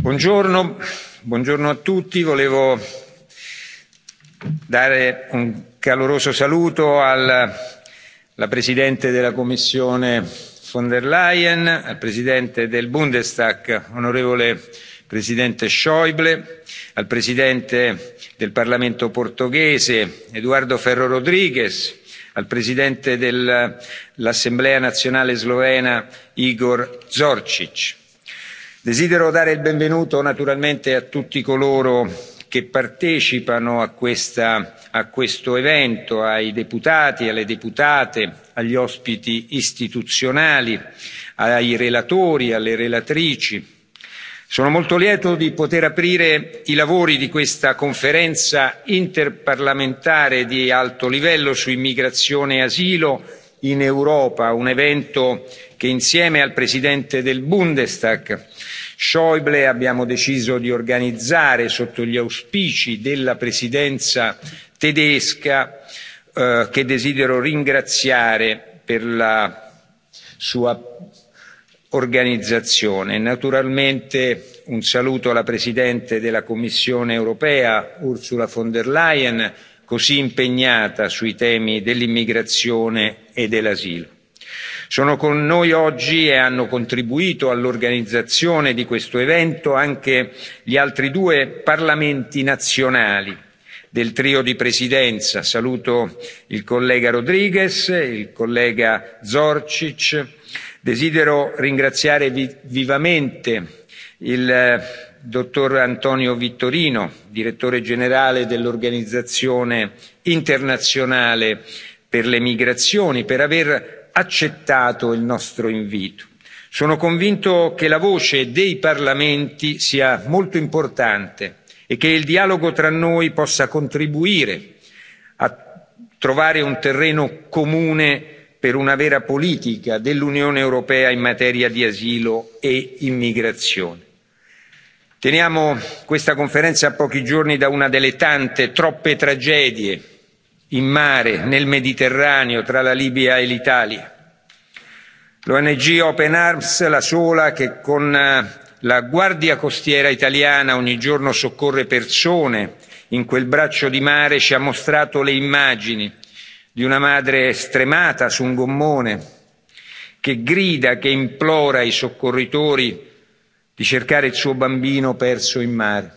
Buongiorno, buongiorno a tutti. Volevo dare un caloroso saluto alla Presidente della Commissione von der Leyen, al Presidente del Bundestag, onorevole Presidente Schäuble, al Presidente del Parlamento portoghese, Eduardo Ferro Rodriguez, al Presidente dell'Assemblea nazionale slovena, Igor Zorcic desidero dare il benvenuto naturalmente a tutti coloro che partecipano a questo evento ai deputati alle deputate agli ospiti istituzionali ai relatori alle relatrici. sono molto lieto di poter aprire i lavori di questa conferenza interparlamentare di alto livello su immigrazione e asilo in europa un evento che insieme al presidente del bundestag schäuble abbiamo deciso di organizzare sotto gli auspici della presidenza tedesca che desidero ringraziare per la sua organizzazione. naturalmente un saluto alla presidente della commissione europea ursula von der leyen così impegnata sui temi dell'immigrazione e dell'asilo sono con noi oggi e hanno contribuito all'organizzazione di questo evento anche gli altri due parlamenti nazionali del trio di presidenza saluto il collega Rodríguez, e il collega Zorcic. desidero ringraziare vivamente il dottor antonio vittorino direttore generale dell'organizzazione internazionale per le migrazioni per aver accettato il nostro invito. sono convinto che la voce dei parlamenti sia molto importante e che il dialogo tra noi possa contribuire a trovare un terreno comune per una vera politica dell'unione europea in materia di asilo e immigrazione. teniamo questa conferenza a pochi giorni da una delle tante troppe tragedie in mare nel mediterraneo tra la libia e l'italia. l'ong open arms la sola che con la guardia costiera italiana ogni giorno soccorre persone in quel braccio di mare ci ha mostrato le immagini di una madre stremata su un gommone che grida che implora i soccorritori di cercare il suo bambino perso in mare.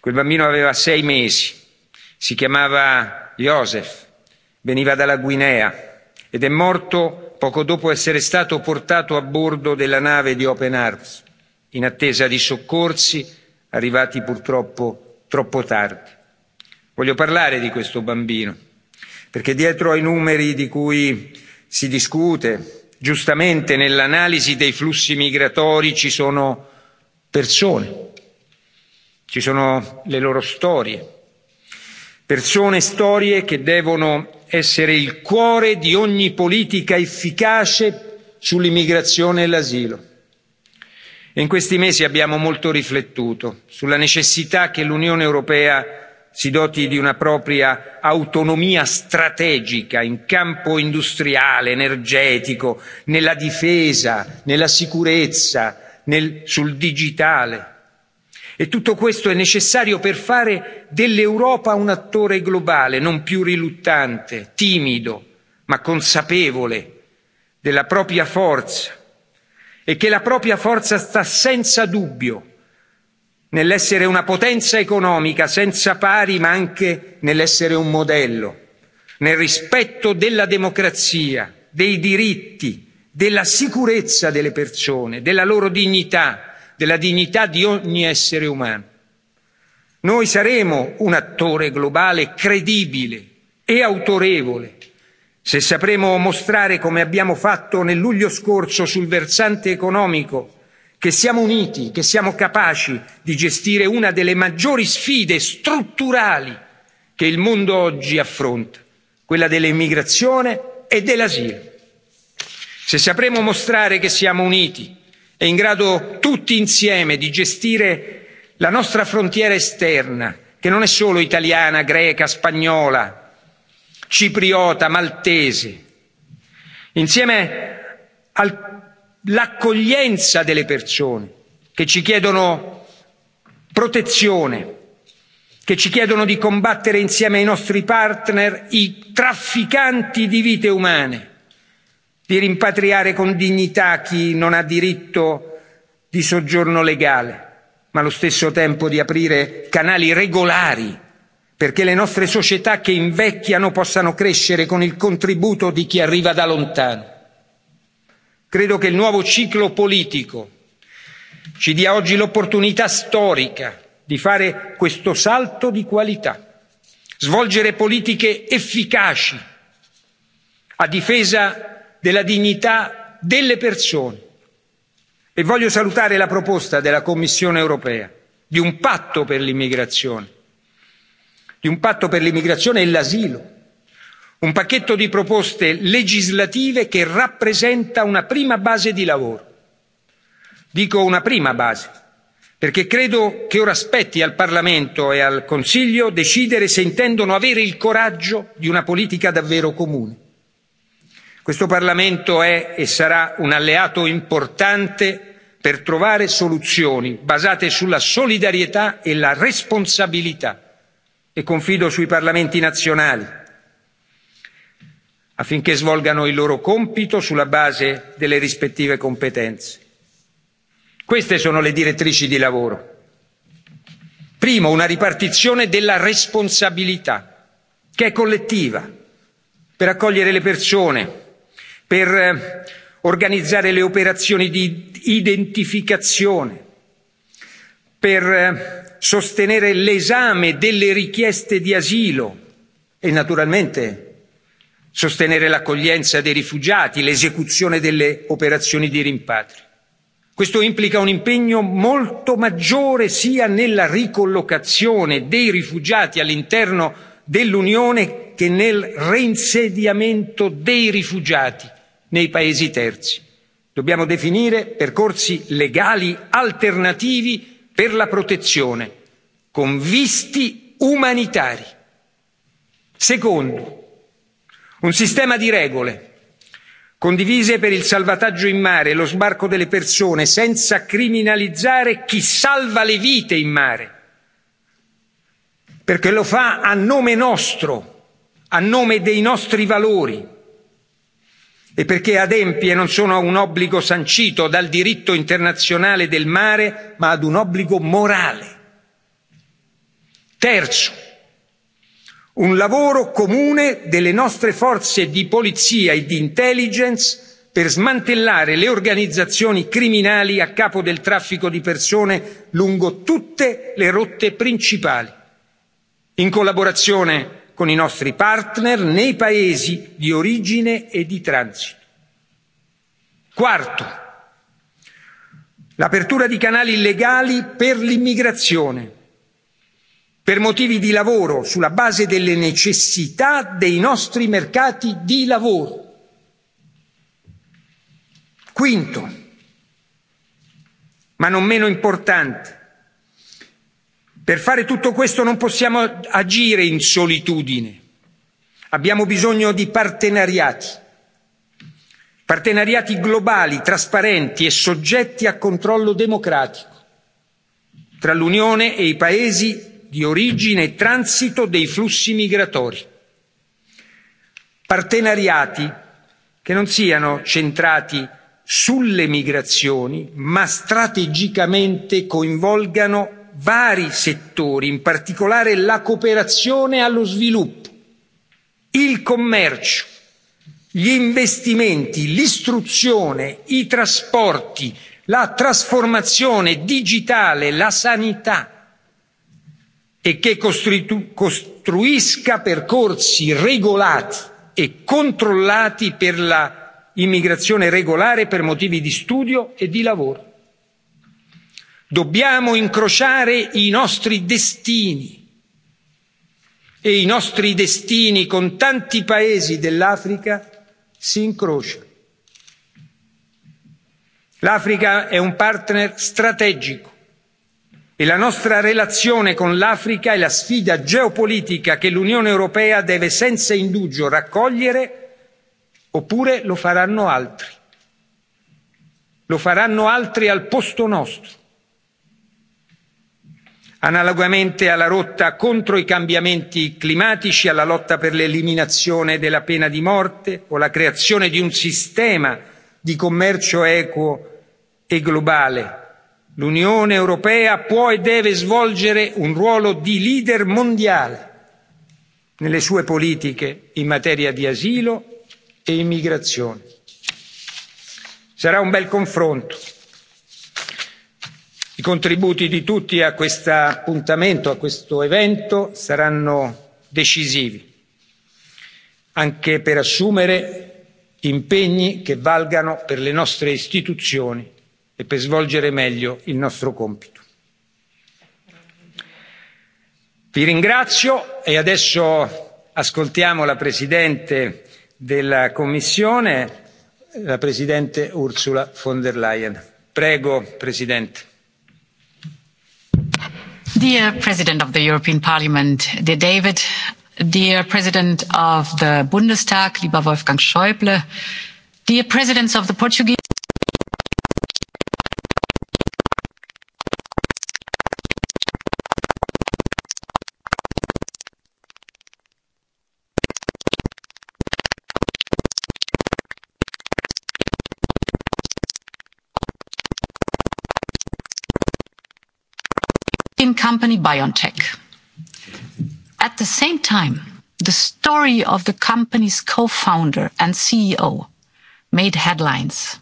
quel bambino aveva sei mesi si chiamava joseph veniva dalla guinea ed è morto poco dopo essere stato portato a bordo della nave di open arms in attesa di soccorsi arrivati purtroppo troppo tardi. voglio parlare di questo bambino perché dietro ai numeri di cui si discute giustamente nell'analisi dei flussi migratori ci sono persone ci sono le loro storie persone e storie che devono essere il cuore di ogni politica efficace sull'immigrazione e l'asilo. in questi mesi abbiamo molto riflettuto sulla necessità che l'unione europea si doti di una propria autonomia strategica in campo industriale energetico nella difesa nella sicurezza sul digitale e tutto questo è necessario per fare dell'europa un attore globale non più riluttante timido ma consapevole della propria forza e che la propria forza sta senza dubbio nell'essere una potenza economica senza pari ma anche nell'essere un modello nel rispetto della democrazia dei diritti della sicurezza delle persone della loro dignità della dignità di ogni essere umano. Noi saremo un attore globale credibile e autorevole se sapremo mostrare come abbiamo fatto nel luglio scorso sul versante economico che siamo uniti, che siamo capaci di gestire una delle maggiori sfide strutturali che il mondo oggi affronta, quella dell'immigrazione e dell'asilo. Se sapremo mostrare che siamo uniti, è in grado tutti insieme di gestire la nostra frontiera esterna che non è solo italiana greca spagnola cipriota maltese insieme all'accoglienza delle persone che ci chiedono protezione che ci chiedono di combattere insieme ai nostri partner i trafficanti di vite umane di rimpatriare con dignità chi non ha diritto di soggiorno legale ma allo stesso tempo di aprire canali regolari perché le nostre società che invecchiano possano crescere con il contributo di chi arriva da lontano. credo che il nuovo ciclo politico ci dia oggi l'opportunità storica di fare questo salto di qualità svolgere politiche efficaci a difesa della dignità delle persone e voglio salutare la proposta della commissione europea di un patto per l'immigrazione di un patto per l'immigrazione e l'asilo un pacchetto di proposte legislative che rappresenta una prima base di lavoro. dico una prima base perché credo che ora spetti al parlamento e al consiglio decidere se intendono avere il coraggio di una politica davvero comune questo parlamento è e sarà un alleato importante per trovare soluzioni basate sulla solidarietà e la responsabilità e confido sui parlamenti nazionali affinché svolgano il loro compito sulla base delle rispettive competenze. queste sono le direttrici di lavoro primo una ripartizione della responsabilità che è collettiva per accogliere le persone per organizzare le operazioni di identificazione per sostenere l'esame delle richieste di asilo e naturalmente sostenere l'accoglienza dei rifugiati l'esecuzione delle operazioni di rimpatrio. questo implica un impegno molto maggiore sia nella ricollocazione dei rifugiati all'interno dell'unione che nel reinsediamento dei rifugiati nei paesi terzi. dobbiamo definire percorsi legali alternativi per la protezione con visti umanitari. secondo un sistema di regole condivise per il salvataggio in mare e lo sbarco delle persone senza criminalizzare chi salva le vite in mare perché lo fa a nome nostro a nome dei nostri valori e perché adempie non solo a un obbligo sancito dal diritto internazionale del mare ma ad un obbligo morale. terzo un lavoro comune delle nostre forze di polizia e di intelligence per smantellare le organizzazioni criminali a capo del traffico di persone lungo tutte le rotte principali in collaborazione con i nostri partner nei paesi di origine e di transito. quarto l'apertura di canali legali per l'immigrazione per motivi di lavoro sulla base delle necessità dei nostri mercati di lavoro. quinto ma non meno importante per fare tutto questo non possiamo agire in solitudine abbiamo bisogno di partenariati partenariati globali trasparenti e soggetti a controllo democratico tra l'unione e i paesi di origine e transito dei flussi migratori partenariati che non siano centrati sulle migrazioni ma strategicamente coinvolgano vari settori, in particolare la cooperazione allo sviluppo, il commercio, gli investimenti, l'istruzione, i trasporti, la trasformazione digitale, la sanità e che costruisca percorsi regolati e controllati per l'immigrazione regolare per motivi di studio e di lavoro dobbiamo incrociare i nostri destini e i nostri destini con tanti paesi dell'africa si incrociano. l'africa è un partner strategico e la nostra relazione con l'africa è la sfida geopolitica che l'unione europea deve senza indugio raccogliere oppure lo faranno altri lo faranno altri al posto nostro analogamente alla lotta contro i cambiamenti climatici alla lotta per l'eliminazione della pena di morte o la creazione di un sistema di commercio equo e globale l'unione europea può e deve svolgere un ruolo di leader mondiale nelle sue politiche in materia di asilo e immigrazione. sarà un bel confronto i contributi di tutti a questo appuntamento a questo evento saranno decisivi anche per assumere impegni che valgano per le nostre istituzioni e per svolgere meglio il nostro compito. vi ringrazio e adesso ascoltiamo la presidente della commissione la presidente ursula von der leyen. prego presidente. Dear President of the European Parliament, dear David, dear President of the Bundestag, lieber Wolfgang Schäuble, dear Presidents of the Portuguese company BioNTech. At the same time, the story of the company's co-founder and CEO made headlines.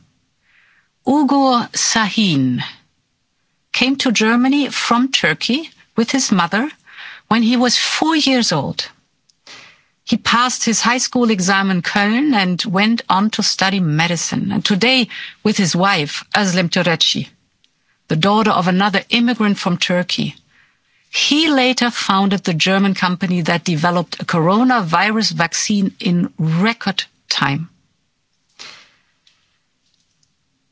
Ugur Sahin came to Germany from Turkey with his mother when he was four years old. He passed his high school exam in Köln and went on to study medicine. And today, with his wife, Özlem Türeci, the daughter of another immigrant from Turkey, He later founded the German company that developed a coronavirus vaccine in record time.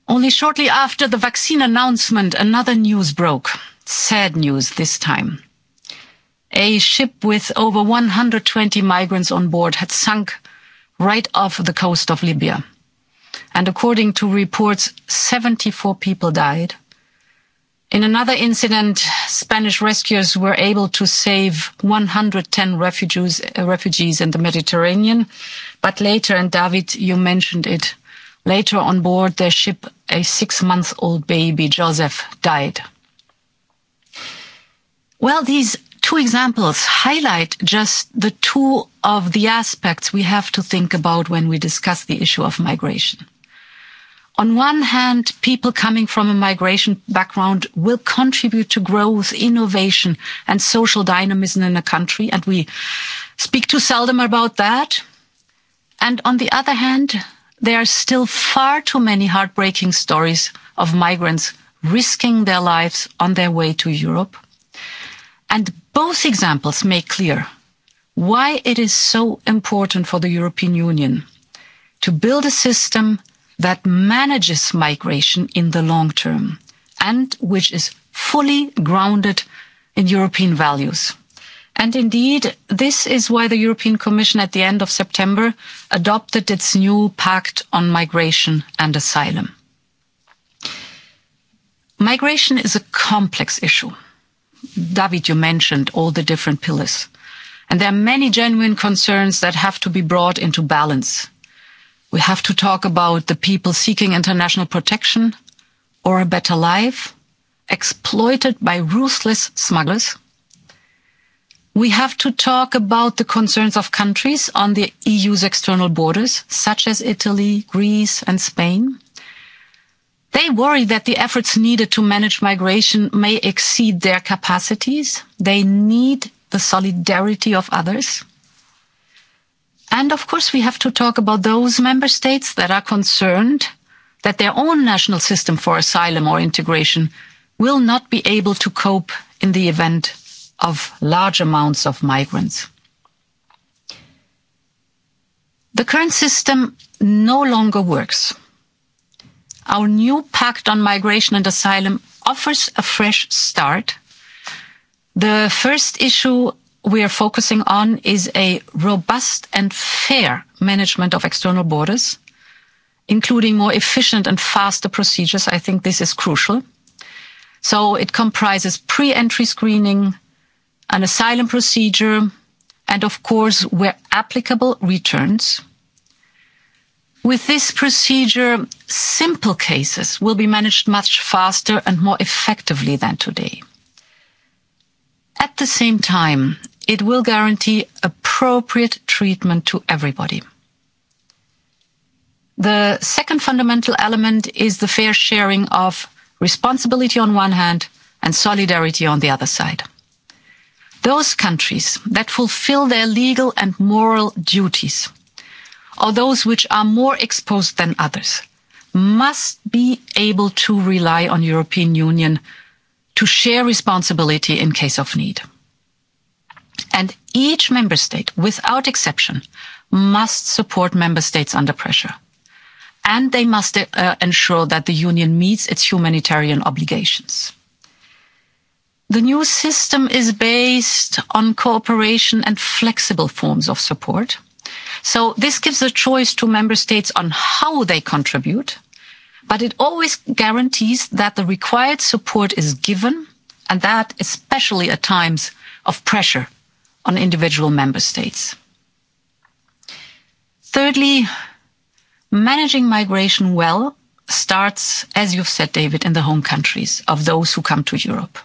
Only shortly after the vaccine announcement, another news broke. Sad news this time. A ship with over 120 migrants on board had sunk right off the coast of Libya. And according to reports, 74 people died In another incident, Spanish rescuers were able to save 110 refugees, refugees in the Mediterranean. But later, and David, you mentioned it, later on board their ship, a six-month-old baby, Joseph, died. Well, these two examples highlight just the two of the aspects we have to think about when we discuss the issue of migration on one hand people coming from a migration background will contribute to growth innovation and social dynamism in a country and we speak too seldom about that and on the other hand there are still far too many heartbreaking stories of migrants risking their lives on their way to europe and both examples make clear why it is so important for the european union to build a system that manages migration in the long term and which is fully grounded in European values. And indeed, this is why the European Commission at the end of September adopted its new Pact on Migration and Asylum. Migration is a complex issue. David, you mentioned all the different pillars. And there are many genuine concerns that have to be brought into balance We have to talk about the people seeking international protection or a better life, exploited by ruthless smugglers. We have to talk about the concerns of countries on the EU's external borders, such as Italy, Greece and Spain. They worry that the efforts needed to manage migration may exceed their capacities. They need the solidarity of others. And of course, we have to talk about those member states that are concerned that their own national system for asylum or integration will not be able to cope in the event of large amounts of migrants. The current system no longer works. Our new Pact on Migration and Asylum offers a fresh start. The first issue we are focusing on is a robust and fair management of external borders, including more efficient and faster procedures. I think this is crucial. So it comprises pre-entry screening, an asylum procedure, and of course, where applicable, returns. With this procedure, simple cases will be managed much faster and more effectively than today. At the same time, it will guarantee appropriate treatment to everybody. The second fundamental element is the fair sharing of responsibility on one hand and solidarity on the other side. Those countries that fulfill their legal and moral duties, or those which are more exposed than others, must be able to rely on European Union to share responsibility in case of need and each member state, without exception, must support member states under pressure. And they must ensure that the Union meets its humanitarian obligations. The new system is based on cooperation and flexible forms of support. So this gives a choice to member states on how they contribute, but it always guarantees that the required support is given and that especially at times of pressure on individual member states. Thirdly, managing migration well starts, as you've said, David, in the home countries of those who come to Europe.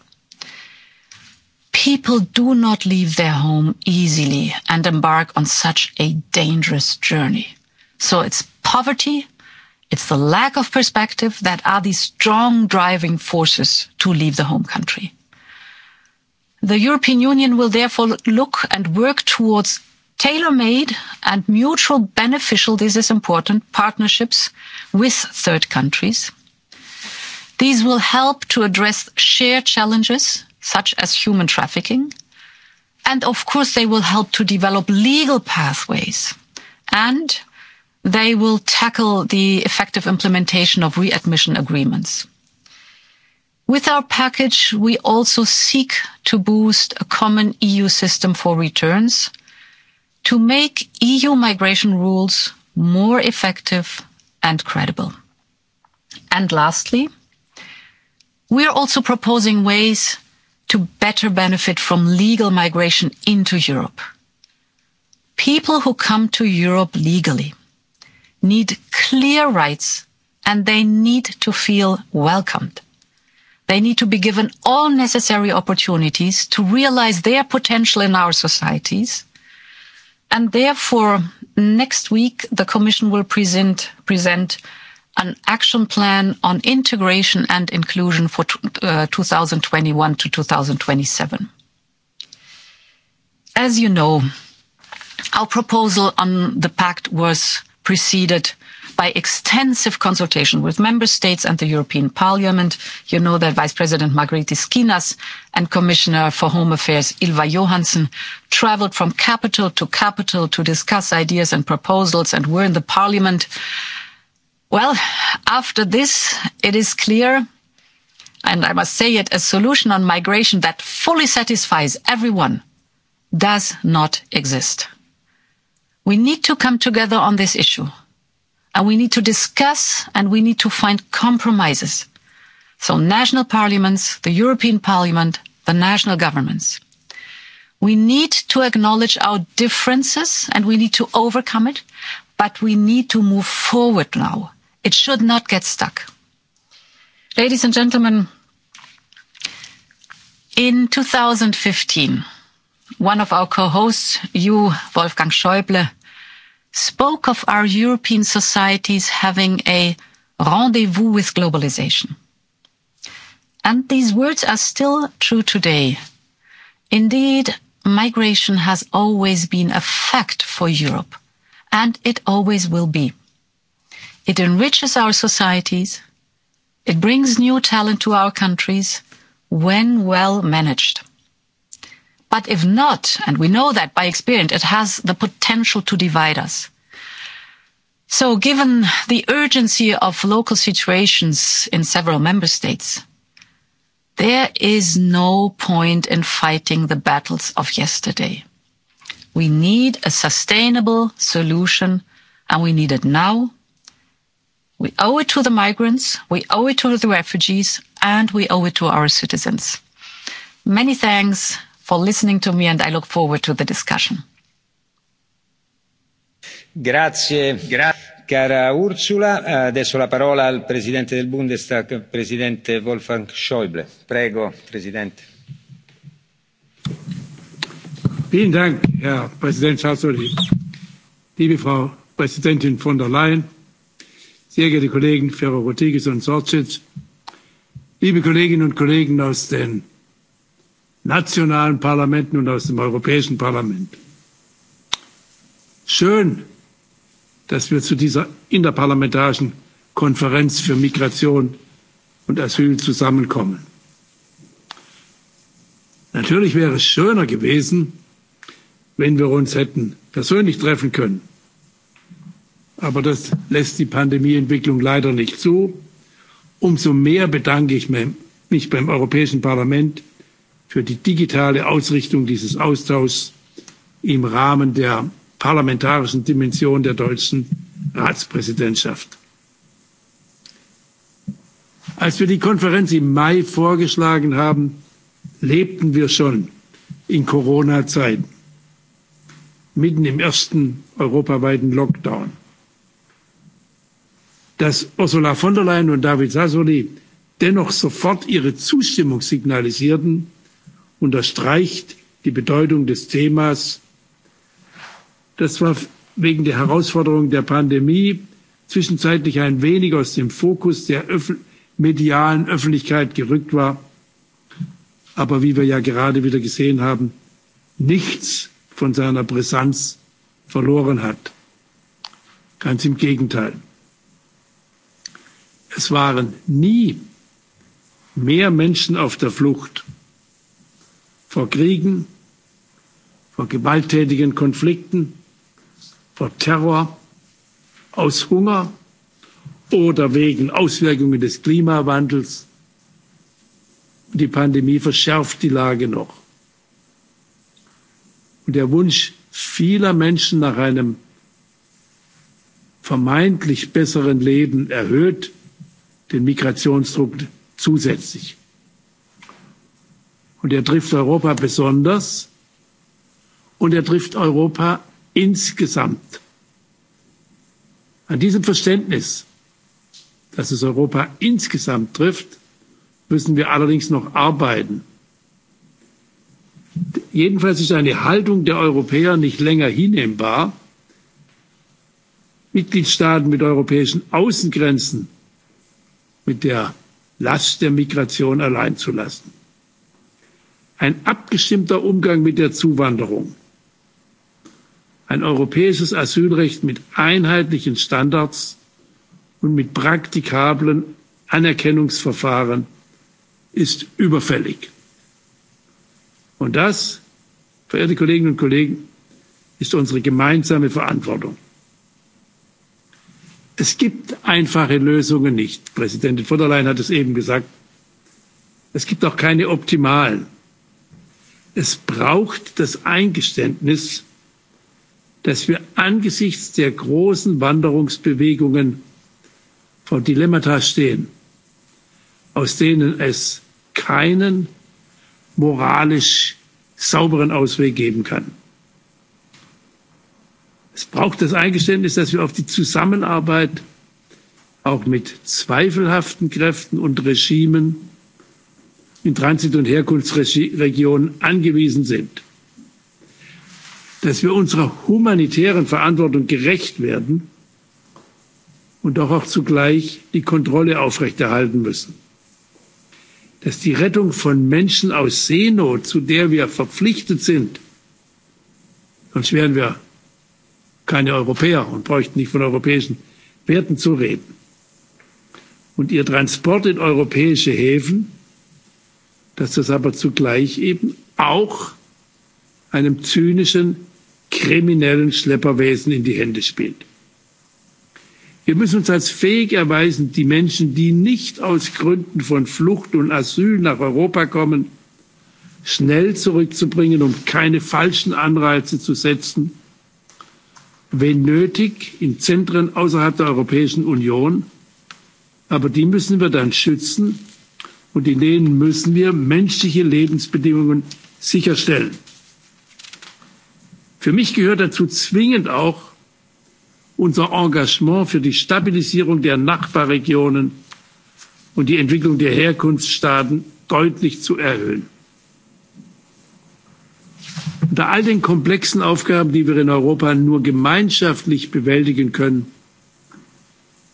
People do not leave their home easily and embark on such a dangerous journey. So it's poverty, it's the lack of perspective that are the strong driving forces to leave the home country the european union will therefore look and work towards tailor made and mutual beneficial this is important partnerships with third countries these will help to address shared challenges such as human trafficking and of course they will help to develop legal pathways and they will tackle the effective implementation of readmission agreements With our package, we also seek to boost a common EU system for returns to make EU migration rules more effective and credible. And lastly, we are also proposing ways to better benefit from legal migration into Europe. People who come to Europe legally need clear rights and they need to feel welcomed. They need to be given all necessary opportunities to realize their potential in our societies. And therefore, next week, the Commission will present an action plan on integration and inclusion for 2021 to 2027. As you know, our proposal on the pact was preceded by extensive consultation with member states and the European Parliament. You know that Vice President Margrethe Skinas and Commissioner for Home Affairs Ilva Johansson travelled from capital to capital to discuss ideas and proposals and were in the Parliament. Well, after this, it is clear and I must say it, a solution on migration that fully satisfies everyone does not exist. We need to come together on this issue and we need to discuss and we need to find compromises. So national parliaments, the European Parliament, the national governments. We need to acknowledge our differences and we need to overcome it, but we need to move forward now. It should not get stuck. Ladies and gentlemen, in 2015, one of our co-hosts, you, Wolfgang Schäuble, spoke of our European societies having a rendezvous with globalization. And these words are still true today. Indeed, migration has always been a fact for Europe, and it always will be. It enriches our societies. It brings new talent to our countries when well managed. But if not, and we know that by experience, it has the potential to divide us. So given the urgency of local situations in several member states, there is no point in fighting the battles of yesterday. We need a sustainable solution and we need it now. We owe it to the migrants, we owe it to the refugees, and we owe it to our citizens. Many thanks for listening to me and I look forward to the discussion. Grazie, cara Ursula. Adesso la parola al Presidente del Bundestag, Presidente Wolfgang Schäuble. Prego, Presidente. Vielen Dank, Herr Präsident Sassoli, liebe Frau Präsidentin von der Leyen, sehr geehrte Kollegen Ferro Rodriguez und Sorcic, liebe Kolleginnen und Kollegen aus den nationalen Parlamenten und aus dem Europäischen Parlament. Schön, dass wir zu dieser interparlamentarischen Konferenz für Migration und Asyl zusammenkommen. Natürlich wäre es schöner gewesen, wenn wir uns hätten persönlich treffen können. Aber das lässt die Pandemieentwicklung leider nicht zu. Umso mehr bedanke ich mich beim Europäischen Parlament für die digitale Ausrichtung dieses Austauschs im Rahmen der parlamentarischen Dimension der deutschen Ratspräsidentschaft. Als wir die Konferenz im Mai vorgeschlagen haben, lebten wir schon in Corona-Zeiten, mitten im ersten europaweiten Lockdown. Dass Ursula von der Leyen und David Sassoli dennoch sofort ihre Zustimmung signalisierten, unterstreicht die Bedeutung des Themas. Das war wegen der Herausforderung der Pandemie zwischenzeitlich ein wenig aus dem Fokus der medialen Öffentlichkeit gerückt war, aber wie wir ja gerade wieder gesehen haben, nichts von seiner Brisanz verloren hat. Ganz im Gegenteil. Es waren nie mehr Menschen auf der Flucht vor Kriegen, vor gewalttätigen Konflikten, vor Terror, aus Hunger oder wegen Auswirkungen des Klimawandels. Die Pandemie verschärft die Lage noch. Und der Wunsch vieler Menschen nach einem vermeintlich besseren Leben erhöht den Migrationsdruck zusätzlich. Und er trifft Europa besonders und er trifft Europa insgesamt. An diesem Verständnis, dass es Europa insgesamt trifft, müssen wir allerdings noch arbeiten. Jedenfalls ist eine Haltung der Europäer nicht länger hinnehmbar. Mitgliedstaaten mit europäischen Außengrenzen mit der Last der Migration allein zu lassen ein abgestimmter Umgang mit der Zuwanderung, ein europäisches Asylrecht mit einheitlichen Standards und mit praktikablen Anerkennungsverfahren ist überfällig. Und das, verehrte Kolleginnen und Kollegen, ist unsere gemeinsame Verantwortung. Es gibt einfache Lösungen nicht. Präsidentin von der Leyen hat es eben gesagt. Es gibt auch keine optimalen es braucht das eingeständnis dass wir angesichts der großen wanderungsbewegungen vor dilemmata stehen aus denen es keinen moralisch sauberen ausweg geben kann. es braucht das eingeständnis dass wir auf die zusammenarbeit auch mit zweifelhaften kräften und regimen in Transit- und Herkunftsregionen angewiesen sind. Dass wir unserer humanitären Verantwortung gerecht werden und doch auch zugleich die Kontrolle aufrechterhalten müssen. Dass die Rettung von Menschen aus Seenot, zu der wir verpflichtet sind, sonst wären wir keine Europäer und bräuchten nicht von europäischen Werten zu reden, und ihr Transport in europäische Häfen dass das aber zugleich eben auch einem zynischen, kriminellen Schlepperwesen in die Hände spielt. Wir müssen uns als fähig erweisen, die Menschen, die nicht aus Gründen von Flucht und Asyl nach Europa kommen, schnell zurückzubringen, um keine falschen Anreize zu setzen, wenn nötig in Zentren außerhalb der Europäischen Union. Aber die müssen wir dann schützen und in denen müssen wir menschliche Lebensbedingungen sicherstellen. Für mich gehört dazu zwingend auch unser Engagement für die Stabilisierung der Nachbarregionen und die Entwicklung der Herkunftsstaaten deutlich zu erhöhen. Unter all den komplexen Aufgaben, die wir in Europa nur gemeinschaftlich bewältigen können,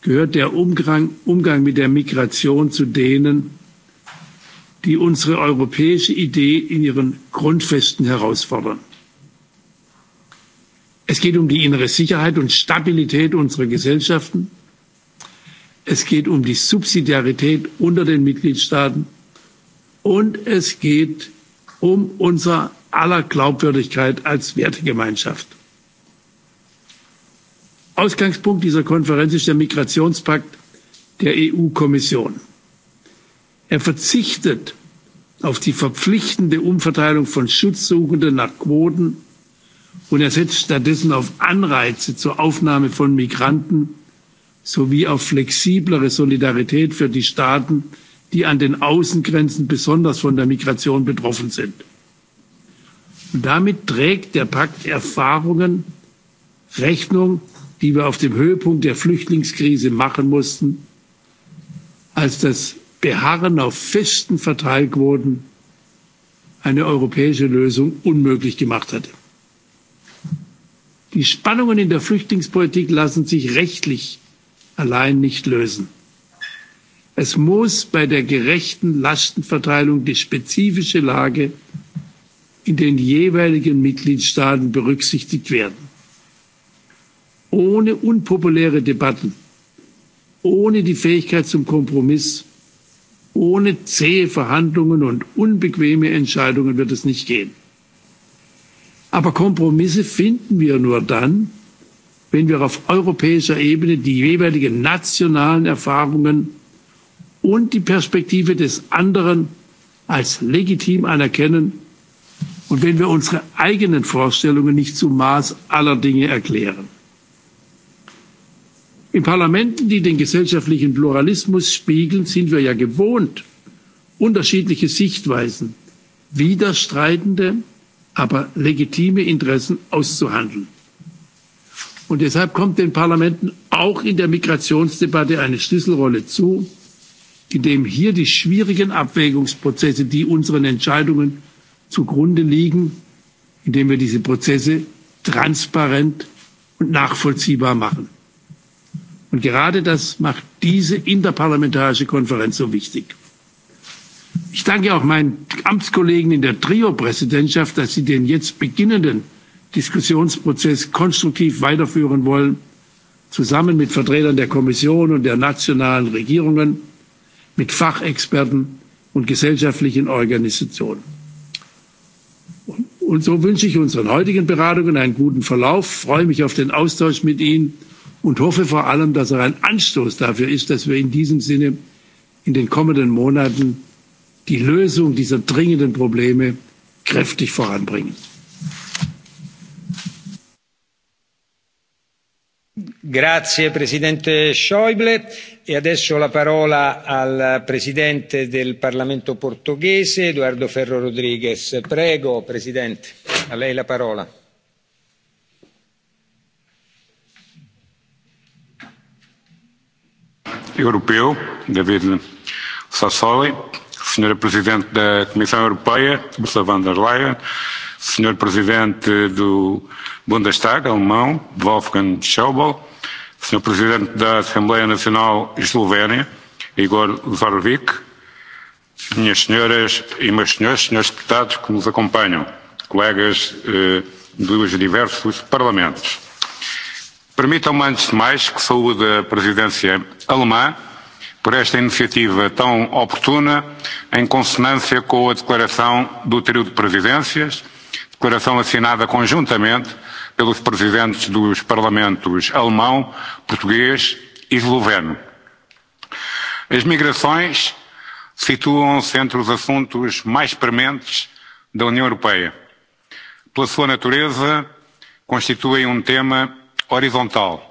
gehört der Umgang mit der Migration zu denen, die unsere europäische Idee in ihren Grundfesten herausfordern. Es geht um die innere Sicherheit und Stabilität unserer Gesellschaften. Es geht um die Subsidiarität unter den Mitgliedstaaten. Und es geht um unser aller Glaubwürdigkeit als Wertegemeinschaft. Ausgangspunkt dieser Konferenz ist der Migrationspakt der EU-Kommission er verzichtet auf die verpflichtende umverteilung von schutzsuchenden nach quoten und er setzt stattdessen auf anreize zur aufnahme von migranten sowie auf flexiblere solidarität für die staaten die an den außengrenzen besonders von der migration betroffen sind. damit trägt der pakt erfahrungen rechnung die wir auf dem höhepunkt der flüchtlingskrise machen mussten als das Beharren auf festen Verteilquoten eine europäische Lösung unmöglich gemacht hatte. Die Spannungen in der Flüchtlingspolitik lassen sich rechtlich allein nicht lösen. Es muss bei der gerechten Lastenverteilung die spezifische Lage in den jeweiligen Mitgliedstaaten berücksichtigt werden. Ohne unpopuläre Debatten, ohne die Fähigkeit zum Kompromiss Ohne zähe Verhandlungen und unbequeme Entscheidungen wird es nicht gehen. Aber Kompromisse finden wir nur dann, wenn wir auf europäischer Ebene die jeweiligen nationalen Erfahrungen und die Perspektive des anderen als legitim anerkennen und wenn wir unsere eigenen Vorstellungen nicht zum Maß aller Dinge erklären. In Parlamenten, die den gesellschaftlichen Pluralismus spiegeln, sind wir ja gewohnt, unterschiedliche Sichtweisen, widerstreitende, aber legitime Interessen auszuhandeln. Und deshalb kommt den Parlamenten auch in der Migrationsdebatte eine Schlüsselrolle zu, indem hier die schwierigen Abwägungsprozesse, die unseren Entscheidungen zugrunde liegen, indem wir diese Prozesse transparent und nachvollziehbar machen. Und gerade das macht diese interparlamentarische Konferenz so wichtig. Ich danke auch meinen Amtskollegen in der Trio-Präsidentschaft, dass sie den jetzt beginnenden Diskussionsprozess konstruktiv weiterführen wollen, zusammen mit Vertretern der Kommission und der nationalen Regierungen, mit Fachexperten und gesellschaftlichen Organisationen. Und so wünsche ich unseren heutigen Beratungen einen guten Verlauf, freue mich auf den Austausch mit Ihnen und hoffe vor allem, dass er ein Anstoß dafür ist, dass wir in diesem Sinne in den kommenden Monaten die Lösung dieser dringenden Probleme kräftig voranbringen. Grazie Presidente Schäuble e adesso la parola al Presidente del Parlamento portoghese, Eduardo Ferro Rodrigues. Prego Presidente, a lei la parola. europeu david sassoli senhora presidente da comissão europeia ursula von der leyen senhor presidente do bundestag alemão wolfgang Schäuble, senhor presidente da assembleia nacional eslovénia igor zorvik minhas senhoras e meus senhores senhores deputados que nos acompanham colegas dos diversos parlamentos Permitam-me, antes de mais, que saúde a presidência alemã por esta iniciativa tão oportuna, em consonância com a declaração do trio de presidências, declaração assinada conjuntamente pelos presidentes dos parlamentos alemão, português e esloveno. As migrações situam-se entre os assuntos mais prementes da União Europeia. Pela sua natureza, constituem um tema horizontal.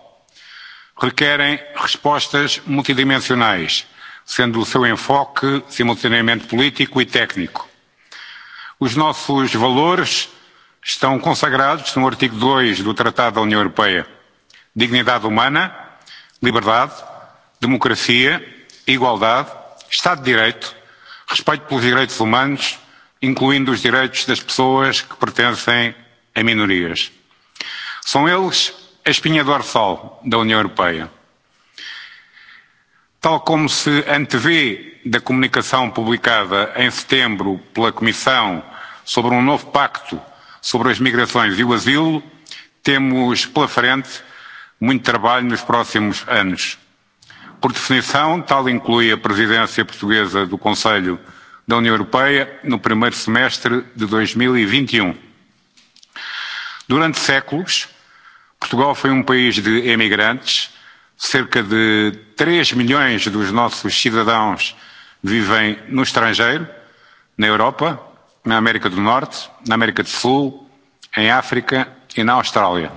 Requerem respostas multidimensionais, sendo o seu enfoque simultaneamente político e técnico. Os nossos valores estão consagrados no artigo 2 do Tratado da União Europeia. Dignidade humana, liberdade, democracia, igualdade, Estado de Direito, respeito pelos direitos humanos, incluindo os direitos das pessoas que pertencem a minorias. São eles a espinha dorsal da União Europeia. Tal como se antevê da comunicação publicada em setembro pela Comissão sobre um novo pacto sobre as migrações e o asilo, temos pela frente muito trabalho nos próximos anos. Por definição, tal inclui a presidência portuguesa do Conselho da União Europeia no primeiro semestre de 2021. Durante séculos, Portugal foi um país de emigrantes, cerca de 3 milhões dos nossos cidadãos vivem no estrangeiro, na Europa, na América do Norte, na América do Sul, em África e na Austrália.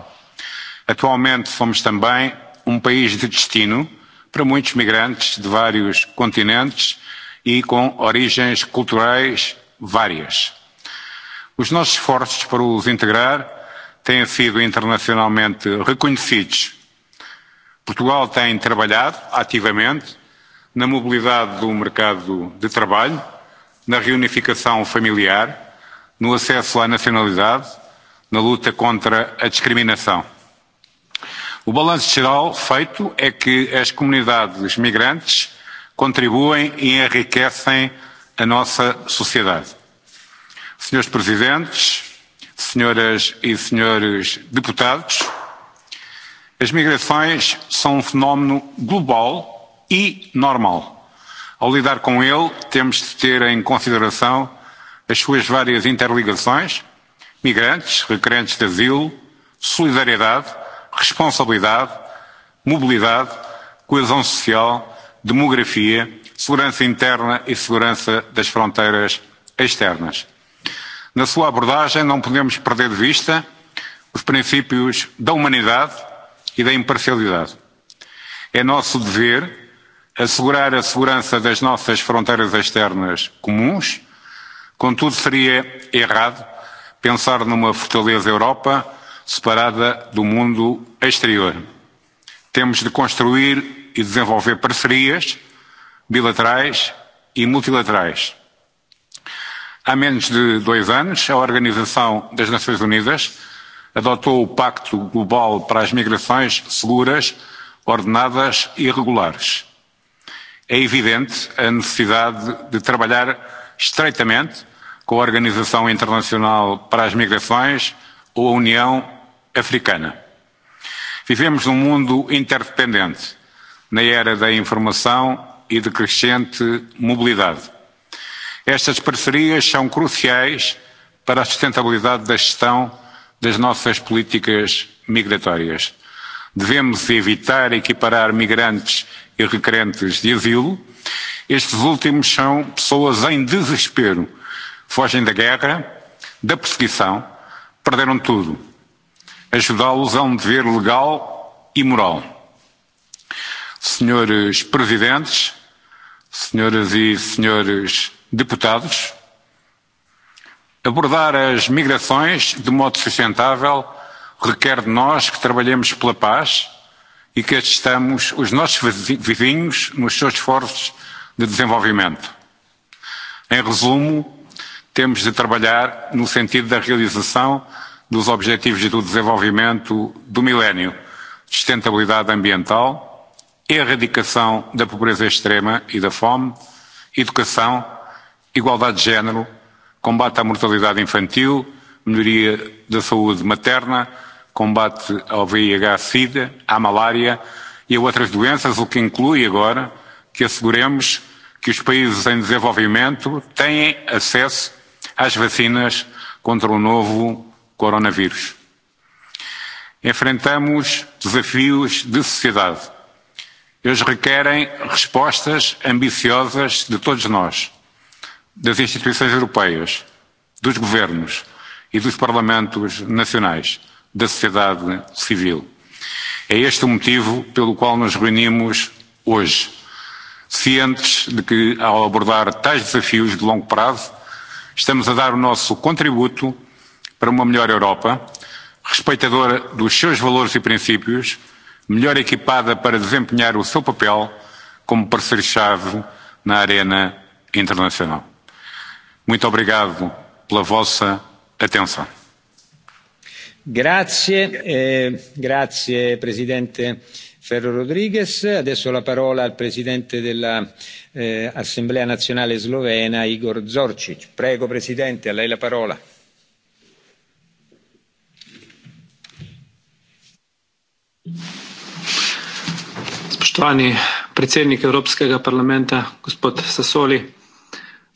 Atualmente somos também um país de destino para muitos migrantes de vários continentes e com origens culturais várias. Os nossos esforços para os integrar têm sido internacionalmente reconhecidos. Portugal tem trabalhado ativamente na mobilidade do mercado de trabalho, na reunificação familiar, no acesso à nacionalidade, na luta contra a discriminação. O balanço geral feito é que as comunidades migrantes contribuem e enriquecem a nossa sociedade. Senhores Presidentes, senhoras e senhores deputados, as migrações são um fenómeno global e normal. Ao lidar com ele, temos de ter em consideração as suas várias interligações, migrantes, requerentes de asilo, solidariedade, responsabilidade, mobilidade, coesão social, demografia, segurança interna e segurança das fronteiras externas na sua abordagem não podemos perder de vista os princípios da humanidade e da imparcialidade. É nosso dever assegurar a segurança das nossas fronteiras externas comuns, contudo seria errado pensar numa fortaleza Europa separada do mundo exterior. Temos de construir e desenvolver parcerias bilaterais e multilaterais Há menos de dois anos, a Organização das Nações Unidas adotou o Pacto Global para as Migrações Seguras, Ordenadas e Regulares. É evidente a necessidade de trabalhar estreitamente com a Organização Internacional para as Migrações ou a União Africana. Vivemos num mundo interdependente, na era da informação e de crescente mobilidade estas parcerias são cruciais para a sustentabilidade da gestão das nossas políticas migratórias. Devemos evitar equiparar migrantes e requerentes de asilo. Estes últimos são pessoas em desespero. Fogem da guerra, da perseguição, perderam tudo. Ajudá-los é um dever legal e moral. Senhores Presidentes, senhoras e senhores deputados abordar as migrações de modo sustentável requer de nós que trabalhemos pela paz e que assistamos os nossos vizinhos nos seus esforços de desenvolvimento. Em resumo, temos de trabalhar no sentido da realização dos Objetivos do Desenvolvimento do Milénio, sustentabilidade ambiental, erradicação da pobreza extrema e da fome, educação, igualdade de género, combate à mortalidade infantil, melhoria da saúde materna, combate ao VIH-Sida, à malária e a outras doenças, o que inclui agora que asseguremos que os países em desenvolvimento têm acesso às vacinas contra o novo coronavírus. Enfrentamos desafios de sociedade. Eles requerem respostas ambiciosas de todos nós das instituições europeias, dos governos e dos parlamentos nacionais, da sociedade civil. É este o motivo pelo qual nos reunimos hoje, cientes de que, ao abordar tais desafios de longo prazo, estamos a dar o nosso contributo para uma melhor Europa, respeitadora dos seus valores e princípios, melhor equipada para desempenhar o seu papel como parceiro-chave na arena internacional. Muito obrigado pela vossa atenção. Grazie, grazie Presidente Ferro Rodriguez. Adesso la parola al Presidente dell'Assemblea nazionale slovena, Igor Zorcic. Prego Presidente, a lei la parola. Spoštovani predsednik Evropskega parlamenta, gospod Sasoli,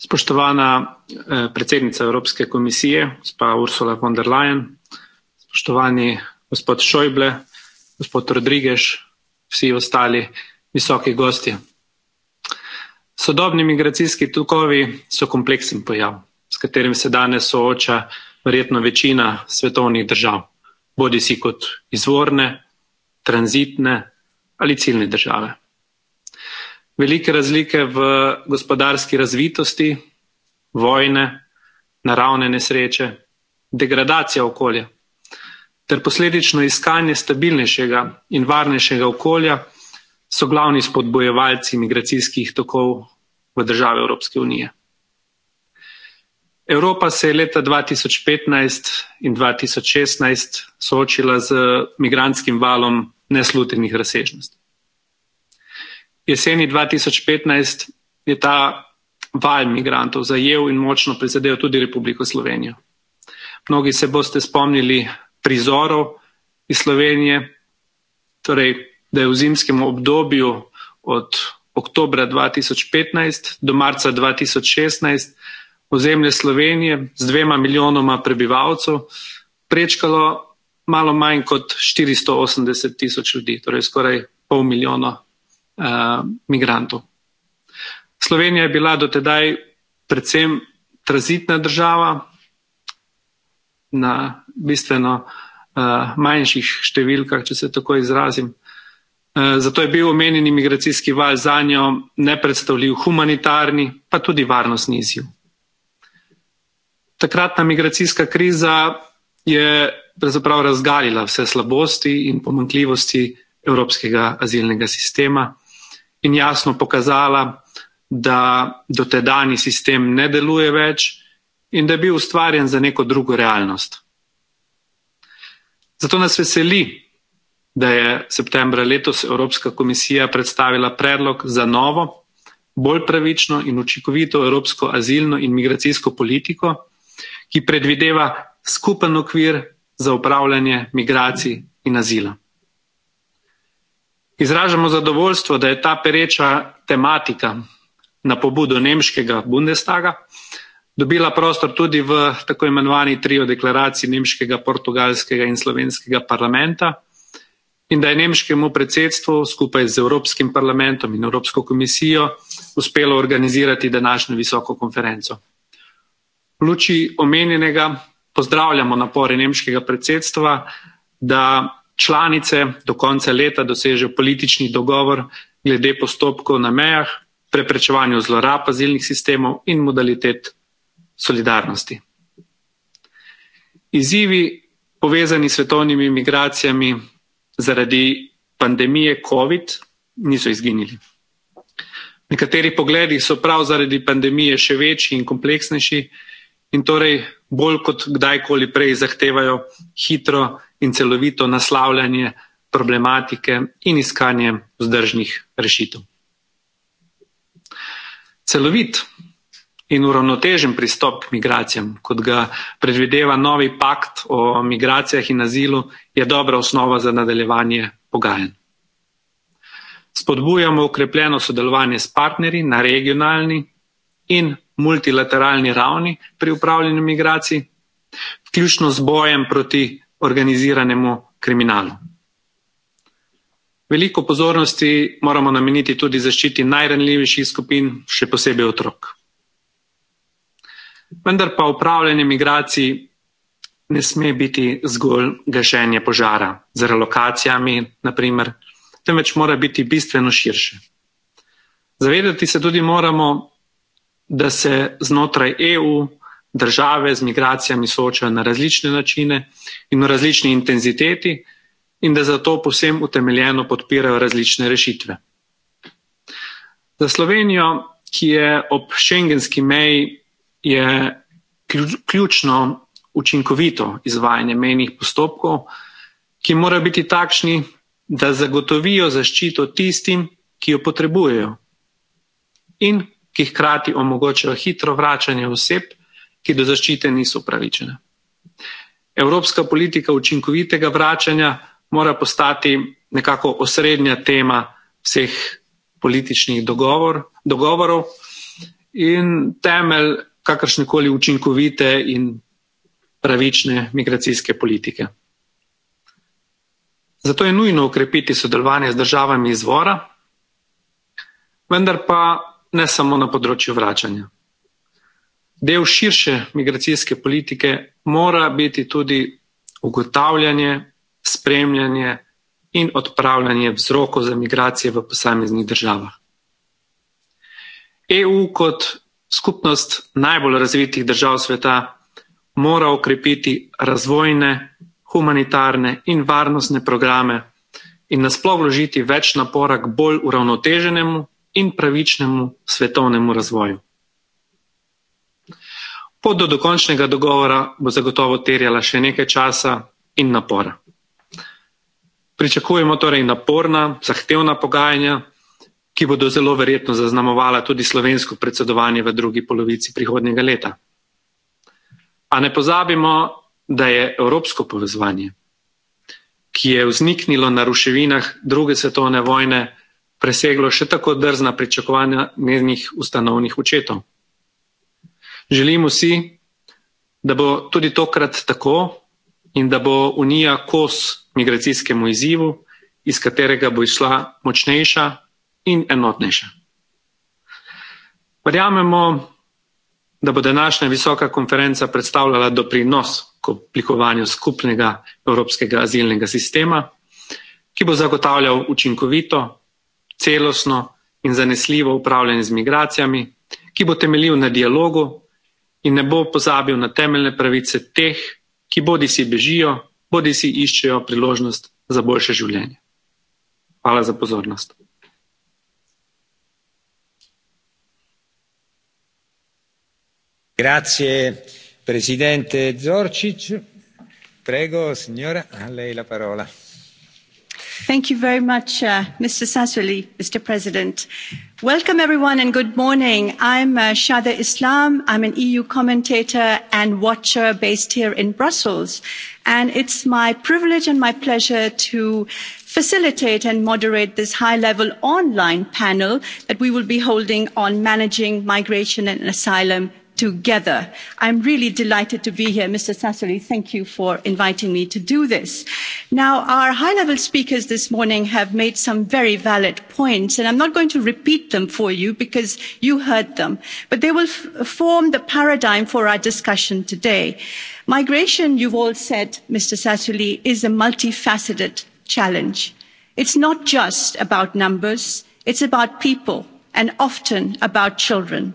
Spoštovana predsednica Evropske komisije, gospa Ursula von der Leyen, spoštovani gospod Šojble, gospod Rodrigež, vsi ostali visoki gosti. Sodobni migracijski tokovi so kompleksen pojav, s katerim se danes sooča verjetno večina svetovnih držav, bodisi kot izvorne, tranzitne ali ciljne države velike razlike v gospodarski razvitosti, vojne, naravne nesreče, degradacija okolja ter posledično iskanje stabilnejšega in varnejšega okolja so glavni spodbojevalci migracijskih tokov v države Evropske unije. Evropa se je leta 2015 in 2016 soočila z migranskim valom neslutenih razsežnosti. Jeseni 2015 je ta val migrantov zajel in močno prizadel tudi Republiko Slovenijo. Mnogi se boste spomnili prizorov iz Slovenije, torej, da je v zimskem obdobju od oktobra 2015 do marca 2016 ozemlje Slovenije z dvema milijonoma prebivalcev prečkalo malo manj kot 480 tisoč ljudi, torej skoraj pol milijona migrantov. Slovenija je bila do tedaj predvsem tranzitna država na bistveno manjših številkah, če se tako izrazim. Zato je bil omenjeni migracijski val zanjo nepredstavljiv humanitarni, pa tudi varnostni izziv. Takratna migracijska kriza je razgalila vse slabosti in pomankljivosti evropskega azilnega sistema in jasno pokazala, da dotedani sistem ne deluje več in da je bil ustvarjen za neko drugo realnost. Zato nas veseli, da je septembra letos Evropska komisija predstavila predlog za novo, bolj pravično in učinkovito evropsko azilno in migracijsko politiko, ki predvideva skupen okvir za upravljanje migracij in azila. Izražamo zadovoljstvo, da je ta pereča tematika na pobudo nemškega Bundestaga dobila prostor tudi v tako imenovani trio deklaraciji nemškega, portugalskega in slovenskega parlamenta in da je nemškemu predsedstvu skupaj z Evropskim parlamentom in Evropsko komisijo uspelo organizirati današnjo visoko konferenco. V luči omenjenega pozdravljamo napore nemškega predsedstva, da članice do konca leta dosežejo politični dogovor glede postopkov na mejah, preprečevanju zlorab azilnih sistemov in modalitet solidarnosti. Izivi povezani s svetovnimi migracijami zaradi pandemije COVID niso izginili. V nekaterih pogledih so prav zaradi pandemije še večji in kompleksnejši in torej bolj kot kdajkoli prej zahtevajo hitro in celovito naslavljanje problematike in iskanje vzdržnih rešitev. Celovit in uravnotežen pristop k migracijam, kot ga predvideva novi pakt o migracijah in azilu, je dobra osnova za nadaljevanje pogajanj. Spodbujamo okrepljeno sodelovanje s partnerji na regionalni in multilateralni ravni pri upravljanju migracij, vključno z bojem proti organiziranemu kriminalu. Veliko pozornosti moramo nameniti tudi zaščiti najranljivejših skupin, še posebej otrok. Vendar pa upravljanje migracij ne sme biti zgolj gašenje požara z relokacijami, naprimer, temveč mora biti bistveno širše. Zavedati se tudi moramo, da se znotraj EU države z migracijami soočajo na različne načine in v različni intenziteti in da zato povsem utemeljeno podpirajo različne rešitve. Za Slovenijo, ki je ob šengenski meji, je ključno učinkovito izvajanje menjih postopkov, ki morajo biti takšni, da zagotovijo zaščito tistim, ki jo potrebujejo in ki hkrati omogočajo hitro vračanje oseb, ki do zaščite niso upravičene. Evropska politika učinkovitega vračanja mora postati nekako osrednja tema vseh političnih dogovor, dogovorov in temelj kakršnekoli učinkovite in pravične migracijske politike. Zato je nujno okrepiti sodelovanje z državami izvora, vendar pa ne samo na področju vračanja del širše migracijske politike mora biti tudi ugotavljanje, spremljanje in odpravljanje vzrokov za migracije v posameznih državah. EU kot skupnost najbolj razvitih držav sveta mora okrepiti razvojne, humanitarne in varnostne programe in nasploh vložiti več napora k bolj uravnoteženemu in pravičnemu svetovnemu razvoju. Pot do dokončnega dogovora bo zagotovo terjala še nekaj časa in napora. Pričakujemo torej naporna, zahtevna pogajanja, ki bodo zelo verjetno zaznamovala tudi slovensko predsedovanje v drugi polovici prihodnjega leta. A ne pozabimo, da je evropsko povezovanje, ki je vzniknilo na ruševinah druge svetovne vojne, preseglo še tako drzna pričakovanja njenih ustanovnih očetov. Želimo si, da bo tudi tokrat tako in da bo Unija kos migracijskemu izzivu, iz katerega bo išla močnejša in enotnejša. Verjamemo, da bo današnja visoka konferenca predstavljala doprinos k oblikovanju skupnega evropskega azilnega sistema, ki bo zagotavljal učinkovito, celosno in zanesljivo upravljanje z migracijami, ki bo temeljil na dialogu in ne bo pozabil na temeljne pravice teh, ki bodisi bežijo, bodisi iščejo priložnost za boljše življenje. Hvala za pozornost. Grazie presidente Zorčić. Prego signora, a lei la parola. Thank you very much, mr sassoli mr president welcome everyone and good morning. i'm shada islam i'm an eu commentator and watcher based here in brussels and it's my privilege and my pleasure to facilitate and moderate this high level online panel that we will be holding on managing migration and asylum together. I'm really delighted to be here. Mr. Sassoli, thank you for inviting me to do this. Now, our high-level speakers this morning have made some very valid points, and I'm not going to repeat them for you because you heard them, but they will form the paradigm for our discussion today. Migration, you've all said, Mr. Sassoli, is a multifaceted challenge. It's not just about numbers. It's about people and often about children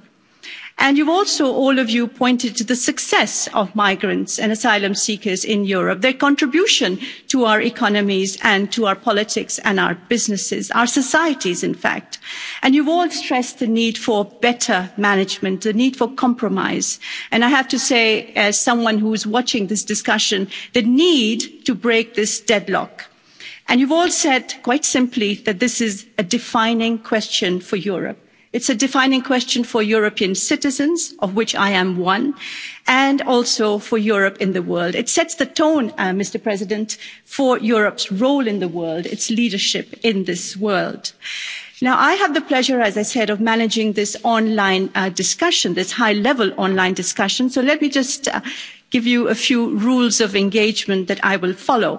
and you've also all of you pointed to the success of migrants and asylum seekers in europe their contribution to our economies and to our politics and our businesses our societies in fact and you've all stressed the need for better management the need for compromise and i have to say as someone who is watching this discussion the need to break this deadlock and you've all said quite simply that this is a defining question for europe it's a defining question for european citizens of which i am one and also for europe in the world. it sets the tone mr president for europe's role in the world its leadership in this world. now i have the pleasure as i said of managing this online discussion this high level online discussion so let me just give you a few rules of engagement that i will follow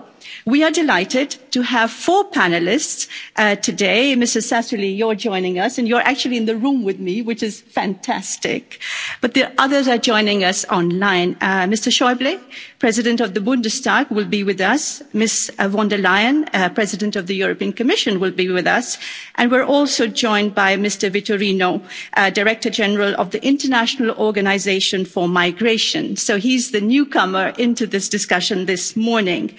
we are delighted to have four panelists today mrs sassoli you're joining us and you're actually in the room with me which is fantastic but the others are joining us online. mr schäuble president of the bundestag will be with us ms von der leyen president of the european commission will be with us and we're also joined by mr vitorino director general of the international organisation for migration so he's the newcomer into this discussion this morning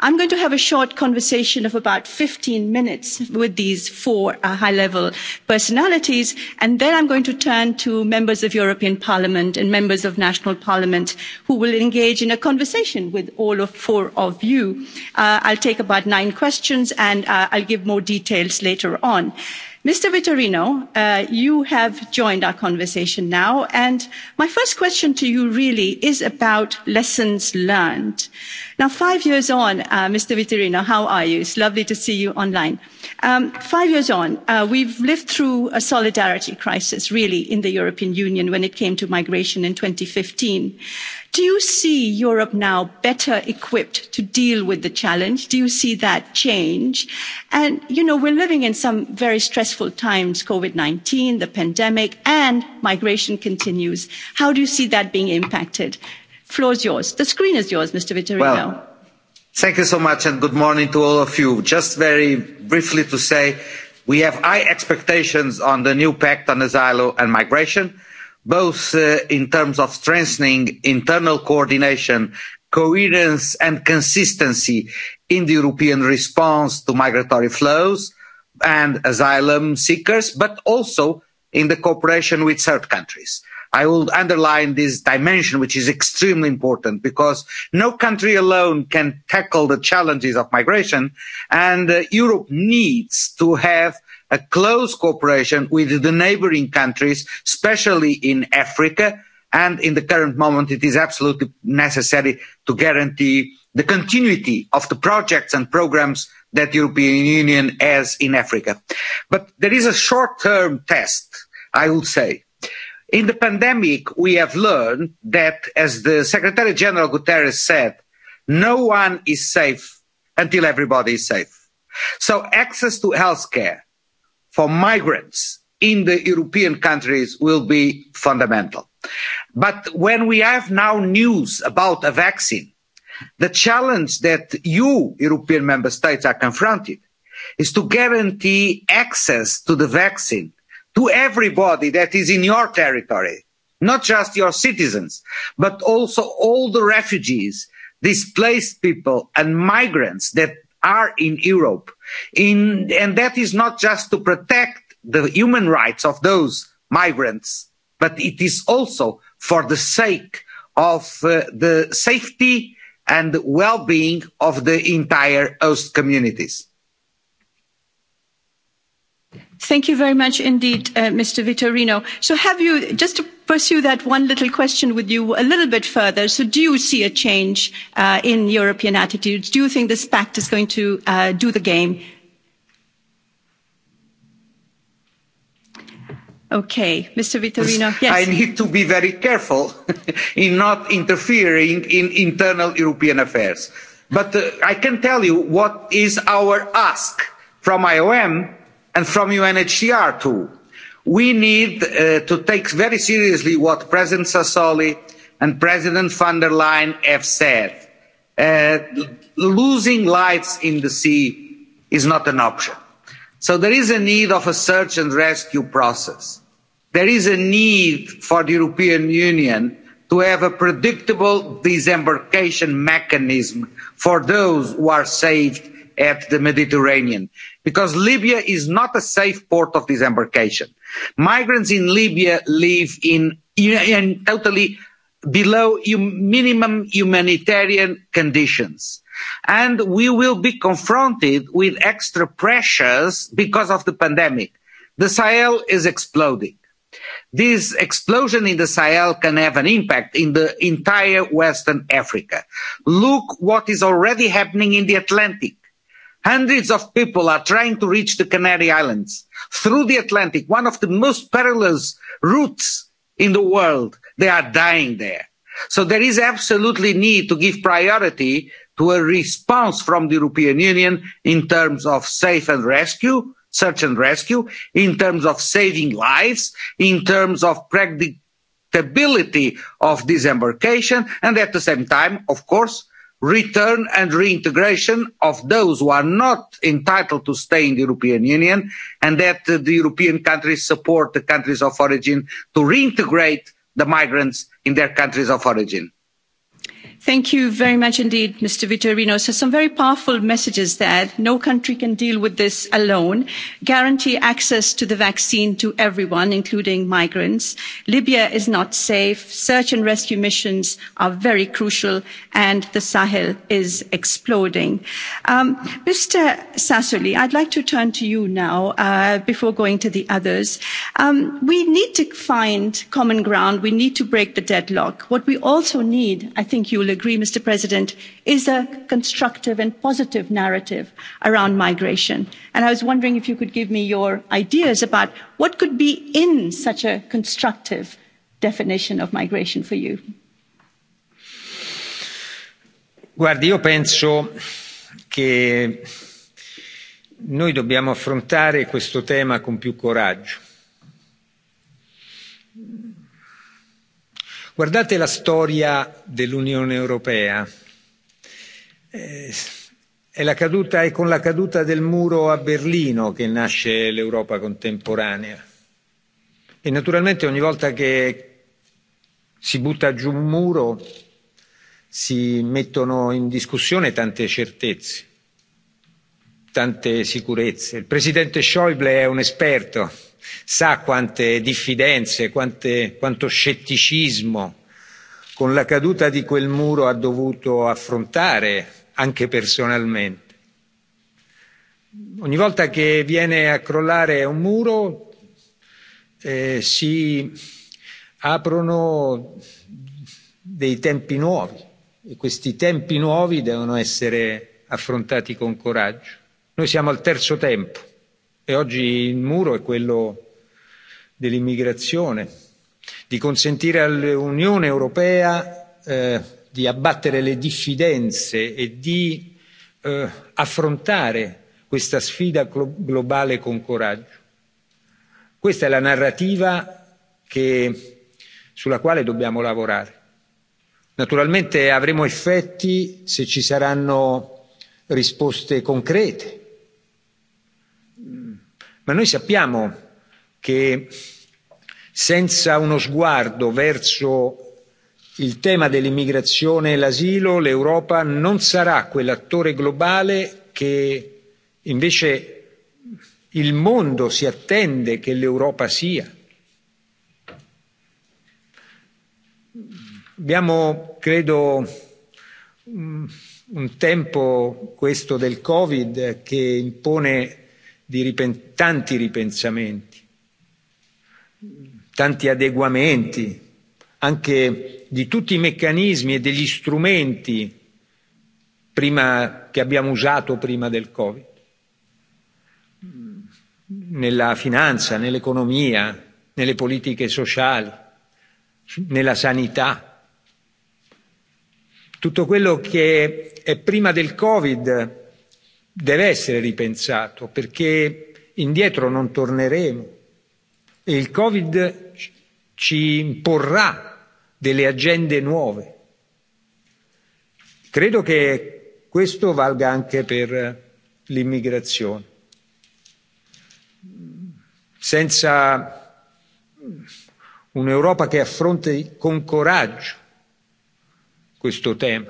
i'm going to have a short conversation of about 15 minutes with these four high level personalities and then i'm going to turn to members of european parliament and members of national parliament who will engage in a conversation with all four of you i'll take about nine questions and i'll give more details later on Mr. Vitorino, you have joined our conversation now, and my first question to you really is about lessons learned. Now, five years on, Mr. Vitorino, how are you? It's lovely to see you online five years on we've lived through a solidarity crisis really in the european union when it came to migration in. two fifteen do you see europe now better equipped to deal with the challenge? do you see that change? and you know we're living in some very stressful times covid nineteen the pandemic and migration continues. how do you see that being impacted? the yours. the screen is yours mr vitorino. Thank you so much and good morning to all of you. Just very briefly to say we have high expectations on the new pact on asylum and migration, both in terms of strengthening internal coordination, coherence and consistency in the European response to migratory flows and asylum seekers, but also in the cooperation with third countries. I will underline this dimension, which is extremely important because no country alone can tackle the challenges of migration. And Europe needs to have a close cooperation with the neighbouring countries, especially in Africa. And in the current moment, it is absolutely necessary to guarantee the continuity of the projects and programmes that the European Union has in Africa. But there is a short-term test, I would say in the pandemic we have learned that as the secretary general guterres said no one is safe until everybody is safe. so access to health care for migrants in the european countries will be fundamental. but when we have now news about a vaccine the challenge that you european member states are confronted is to guarantee access to the vaccine to everybody that is in your territory, not just your citizens, but also all the refugees, displaced people and migrants that are in Europe. In, and that is not just to protect the human rights of those migrants, but it is also for the sake of the safety and well-being of the entire host communities. Thank you very much indeed, Mr. Vitorino. So have you, just to pursue that one little question with you a little bit further, so do you see a change in European attitudes? Do you think this pact is going to do the game? Okay, Mr. Vitorino. Yes. I need to be very careful in not interfering in internal European affairs. But I can tell you what is our ask from IOM and from UNHCR too. We need to take very seriously what President Sassoli and President von der Leyen have said. Losing lives in the sea is not an option. So there is a need of a search and rescue process. There is a need for the European Union to have a predictable disembarkation mechanism for those who are saved at the Mediterranean, because Libya is not a safe port of disembarkation. Migrants in Libya live in totally below minimum humanitarian conditions. And we will be confronted with extra pressures because of the pandemic. The Sahel is exploding. This explosion in the Sahel can have an impact in the entire Western Africa. Look what is already happening in the Atlantic. Hundreds of people are trying to reach the Canary Islands through the Atlantic, one of the most perilous routes in the world. They are dying there. So there is absolutely need to give priority to a response from the European Union in terms of safe and rescue, search and rescue, in terms of saving lives, in terms of predictability of disembarkation, and at the same time, of course, return and reintegration of those who are not entitled to stay in the European Union and that the European countries support the countries of origin to reintegrate the migrants in their countries of origin. Thank you very much indeed, Mr. Vitorino. So some very powerful messages there. No country can deal with this alone. Guarantee access to the vaccine to everyone, including migrants. Libya is not safe. Search and rescue missions are very crucial, and the Sahel is exploding. Mr. Sassoli, I'd like to turn to you now before going to the others. We need to find common ground. We need to break the deadlock. What we also need, I think you'll agree mr president is a constructive and positive narrative around migration and i was wondering if you could give me your ideas about what could be in such a constructive definition of migration for you. io penso che noi dobbiamo affrontare questo tema con più coraggio guardate la storia dell'unione europea è con la caduta del muro a berlino che nasce l'europa contemporanea e naturalmente ogni volta che si butta giù un muro si mettono in discussione tante certezze tante sicurezze. il presidente schäuble è un esperto sa quante diffidenze quanto scetticismo con la caduta di quel muro ha dovuto affrontare anche personalmente. ogni volta che viene a crollare un muro si aprono dei tempi nuovi e questi tempi nuovi devono essere affrontati con coraggio. noi siamo al terzo tempo e oggi il muro è quello dell'immigrazione di consentire all'unione europea di abbattere le diffidenze e di affrontare questa sfida globale con coraggio. questa è la narrativa sulla quale dobbiamo lavorare. naturalmente avremo effetti se ci saranno risposte concrete ma noi sappiamo che senza uno sguardo verso il tema dell'immigrazione e l'asilo l'europa non sarà quell'attore globale che invece il mondo si attende che l'europa sia. abbiamo credo un tempo questo del covid che impone di tanti ripensamenti tanti adeguamenti anche di tutti i meccanismi e degli strumenti prima che abbiamo usato prima del covid nella finanza nell'economia nelle politiche sociali nella sanità tutto quello che è prima del covid deve essere ripensato perché indietro non torneremo e il covid ci imporrà delle agende nuove. credo che questo valga anche per l'immigrazione. senza un'europa che affronti con coraggio questo tema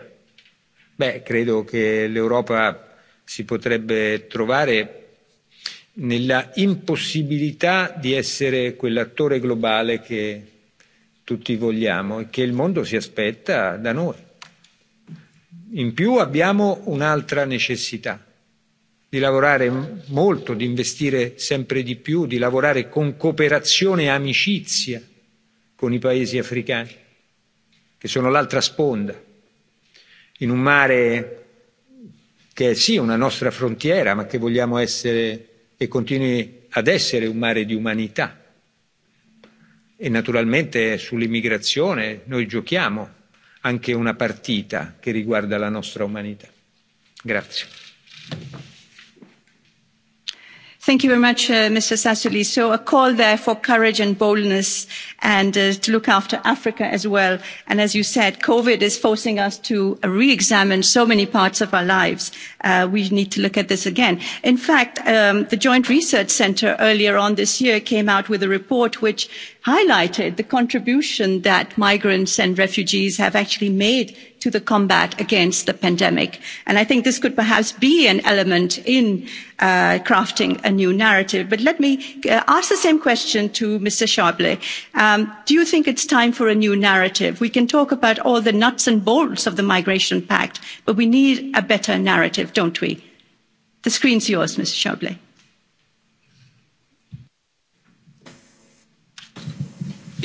Beh, credo che l'europa si potrebbe trovare nella impossibilità di essere quell'attore globale che tutti vogliamo e che il mondo si aspetta da noi. In più abbiamo un'altra necessità di lavorare molto, di investire sempre di più, di lavorare con cooperazione e amicizia con i paesi africani, che sono l'altra sponda, in un mare che è sì una nostra frontiera ma che vogliamo essere e continui ad essere un mare di umanità e naturalmente sull'immigrazione noi giochiamo anche una partita che riguarda la nostra umanità. Thank you very much, Mr. Sassoli. So a call there for courage and boldness and to look after Africa as well. And as you said, COVID is forcing us to re-examine so many parts of our lives. We need to look at this again. In fact, the Joint Research Centre earlier on this year came out with a report which highlighted the contribution that migrants and refugees have actually made to the combat against the pandemic and i think this could perhaps be an element in crafting a new narrative but let me ask the same question to mr schauble do you think it's time for a new narrative? we can talk about all the nuts and bolts of the migration pact but we need a better narrative don't we? the screen's yours mr schauble.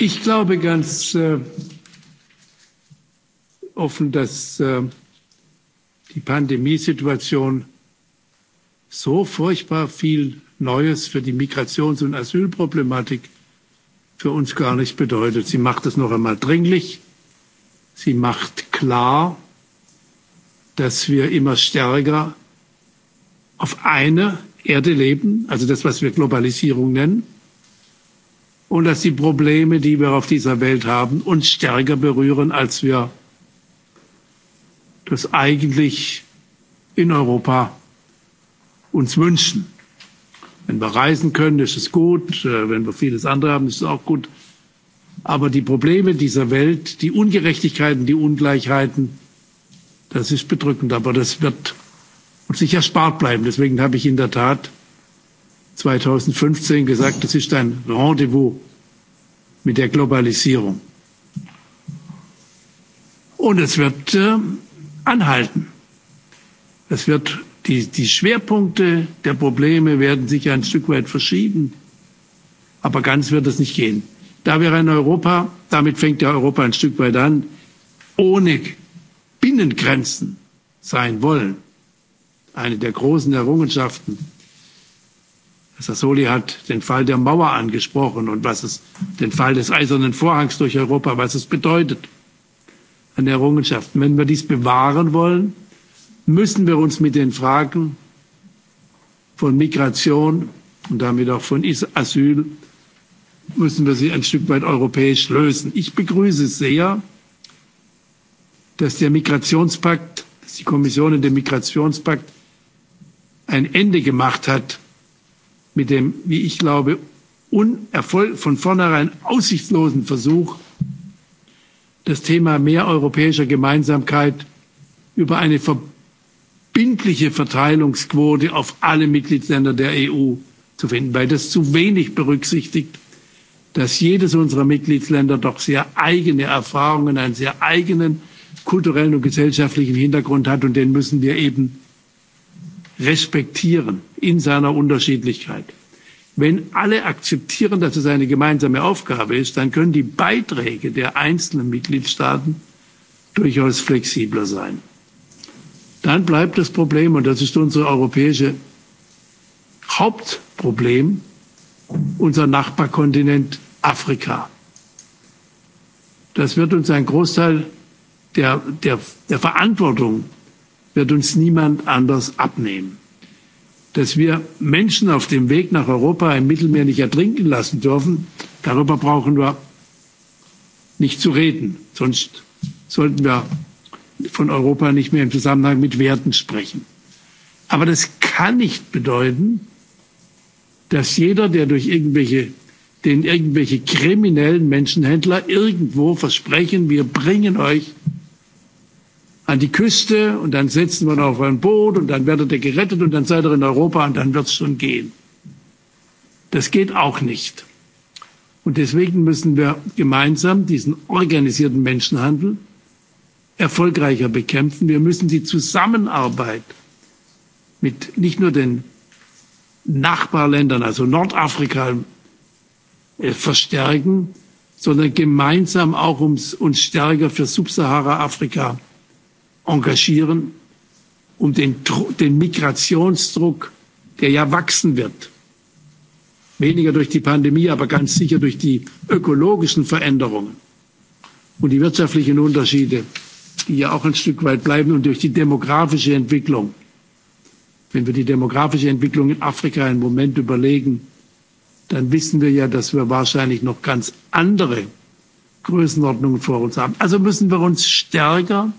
Ich glaube ganz offen, dass die Pandemiesituation so furchtbar viel Neues für die Migrations- und Asylproblematik für uns gar nicht bedeutet. Sie macht es noch einmal dringlich. Sie macht klar, dass wir immer stärker auf einer Erde leben, also das, was wir Globalisierung nennen, und dass die Probleme, die wir auf dieser Welt haben, uns stärker berühren, als wir das eigentlich in Europa uns wünschen. Wenn wir reisen können, ist es gut. Wenn wir vieles andere haben, ist es auch gut. Aber die Probleme dieser Welt, die Ungerechtigkeiten, die Ungleichheiten, das ist bedrückend. Aber das wird uns nicht erspart bleiben. Deswegen habe ich in der Tat 2015 gesagt, es ist ein Rendezvous mit der Globalisierung. Und es wird anhalten. Es wird die, Schwerpunkte der Probleme werden sich ein Stück weit verschieben. Aber ganz wird es nicht gehen. Da wäre ein Europa, damit fängt ja Europa ein Stück weit an, ohne Binnengrenzen sein wollen. Eine der großen Errungenschaften Sassoli hat den Fall der Mauer angesprochen und was es, den Fall des eisernen Vorhangs durch Europa, was es bedeutet an Errungenschaften. Wenn wir dies bewahren wollen, müssen wir uns mit den Fragen von Migration und damit auch von Asyl, müssen wir sie ein Stück weit europäisch lösen. Ich begrüße sehr, dass der Migrationspakt, dass die Kommission in dem Migrationspakt ein Ende gemacht hat mit dem, wie ich glaube, von vornherein aussichtslosen Versuch, das Thema mehr europäischer Gemeinsamkeit über eine verbindliche Verteilungsquote auf alle Mitgliedsländer der EU zu finden, weil das zu wenig berücksichtigt, dass jedes unserer Mitgliedsländer doch sehr eigene Erfahrungen, einen sehr eigenen kulturellen und gesellschaftlichen Hintergrund hat und den müssen wir eben respektieren in seiner Unterschiedlichkeit. Wenn alle akzeptieren, dass es eine gemeinsame Aufgabe ist, dann können die Beiträge der einzelnen Mitgliedstaaten durchaus flexibler sein. Dann bleibt das Problem, und das ist unser europäisches Hauptproblem, unser Nachbarkontinent Afrika. Das wird uns einen Großteil der Verantwortung wird uns niemand anders abnehmen. Dass wir Menschen auf dem Weg nach Europa im Mittelmeer nicht ertrinken lassen dürfen, darüber brauchen wir nicht zu reden. Sonst sollten wir von Europa nicht mehr im Zusammenhang mit Werten sprechen. Aber das kann nicht bedeuten, dass jeder, der durch irgendwelche, den irgendwelche kriminellen Menschenhändler irgendwo versprechen, wir bringen euch an die Küste und dann setzen wir auf ein Boot und dann werdet ihr gerettet und dann seid ihr in Europa und dann wird es schon gehen. Das geht auch nicht. Und deswegen müssen wir gemeinsam diesen organisierten Menschenhandel erfolgreicher bekämpfen. Wir müssen die Zusammenarbeit mit nicht nur den Nachbarländern, also Nordafrika, verstärken, sondern gemeinsam auch uns stärker für Subsahara-Afrika engagieren, um den, den Migrationsdruck, der ja wachsen wird, weniger durch die Pandemie, aber ganz sicher durch die ökologischen Veränderungen und die wirtschaftlichen Unterschiede, die ja auch ein Stück weit bleiben und durch die demografische Entwicklung. Wenn wir die demografische Entwicklung in Afrika einen Moment überlegen, dann wissen wir ja, dass wir wahrscheinlich noch ganz andere Größenordnungen vor uns haben. Also müssen wir uns stärker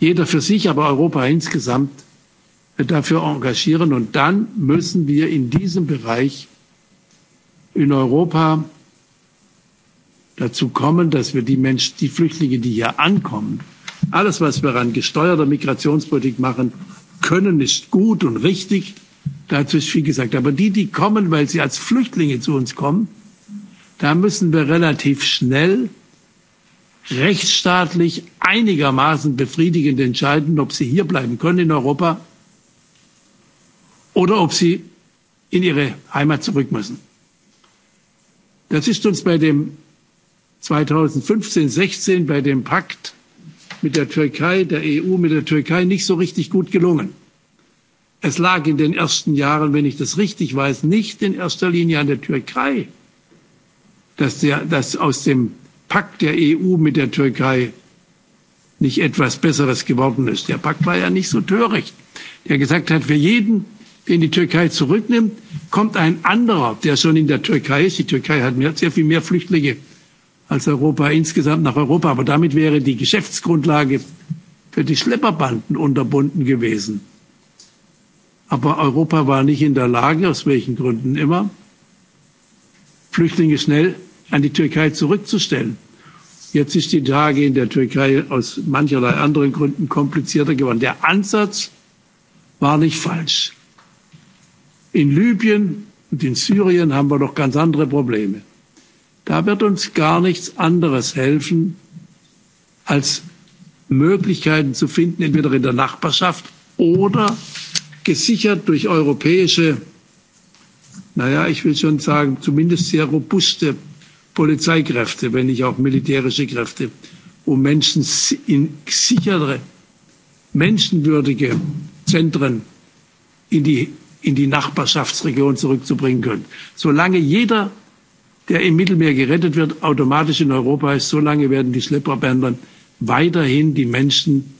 jeder für sich, aber Europa insgesamt dafür engagieren. Und dann müssen wir in diesem Bereich in Europa dazu kommen, dass wir die Menschen, die Flüchtlinge, die hier ankommen, alles, was wir an gesteuerter Migrationspolitik machen können, ist gut und richtig. Dazu ist viel gesagt. Aber die, die kommen, weil sie als Flüchtlinge zu uns kommen, da müssen wir relativ schnell rechtsstaatlich einigermaßen befriedigend entscheiden, ob sie hier bleiben können in Europa oder ob sie in ihre Heimat zurück müssen. Das ist uns bei dem 2015, 16 bei dem Pakt mit der Türkei, der EU mit der Türkei nicht so richtig gut gelungen. Es lag in den ersten Jahren, wenn ich das richtig weiß, nicht in erster Linie an der Türkei, dass aus dem Pakt der EU mit der Türkei nicht etwas Besseres geworden ist. Der Pakt war ja nicht so töricht, der gesagt hat, für jeden, den die Türkei zurücknimmt, kommt ein anderer, der schon in der Türkei ist. Die Türkei hat sehr viel mehr Flüchtlinge als Europa insgesamt nach Europa. Aber damit wäre die Geschäftsgrundlage für die Schlepperbanden unterbunden gewesen. Aber Europa war nicht in der Lage, aus welchen Gründen immer, Flüchtlinge schnell an die Türkei zurückzustellen. Jetzt ist die Tage in der Türkei aus mancherlei anderen Gründen komplizierter geworden. Der Ansatz war nicht falsch. In Libyen und in Syrien haben wir noch ganz andere Probleme. Da wird uns gar nichts anderes helfen, als Möglichkeiten zu finden, entweder in der Nachbarschaft oder gesichert durch europäische, naja, ich will schon sagen, zumindest sehr robuste Polizeikräfte, wenn nicht auch militärische Kräfte, um Menschen in sichere, menschenwürdige Zentren in die, in die Nachbarschaftsregion zurückzubringen können. Solange jeder, der im Mittelmeer gerettet wird, automatisch in Europa ist, solange werden die Schlepperbänder weiterhin die Menschen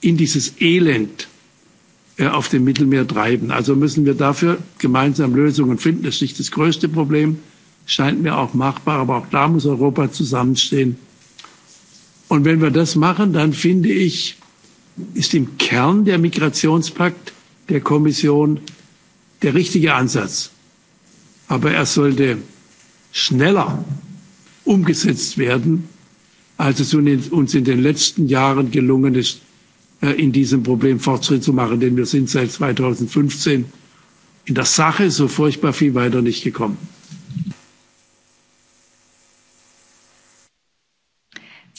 in dieses Elend auf dem Mittelmeer treiben. Also müssen wir dafür gemeinsam Lösungen finden. Das ist nicht das größte Problem scheint mir auch machbar. Aber auch da muss Europa zusammenstehen. Und wenn wir das machen, dann finde ich, ist im Kern der Migrationspakt der Kommission der richtige Ansatz. Aber er sollte schneller umgesetzt werden, als es uns in den letzten Jahren gelungen ist, in diesem Problem Fortschritt zu machen. Denn wir sind seit 2015 in der Sache so furchtbar viel weiter nicht gekommen.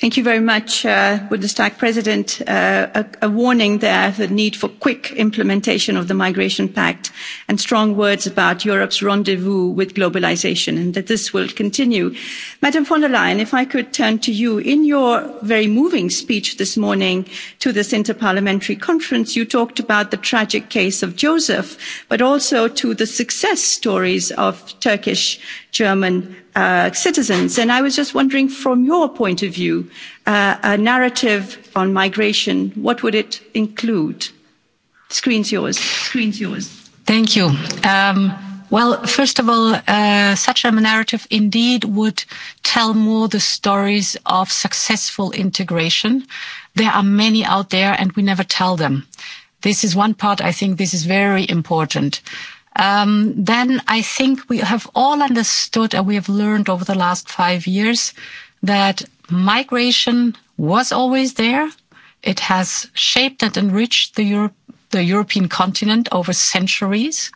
Thank you very much, Bundestag President. A warning there, the need for quick implementation of the Migration Pact and strong words about Europe's rendezvous with globalisation and that this will continue. Madam von der Leyen, if I could turn to you. In your very moving speech this morning to this interparliamentary conference, you talked about the tragic case of Joseph, but also to the success stories of Turkish, German citizens and i was just wondering from your point of view a narrative on migration what would it include? screen's yours. Screen's yours. thank you. well first of all such a narrative indeed would tell more the stories of successful integration. there are many out there and we never tell them. this is one part i think this is very important. Um then I think we have all understood and we have learned over the last five years that migration was always there. It has shaped and enriched the European continent over centuries,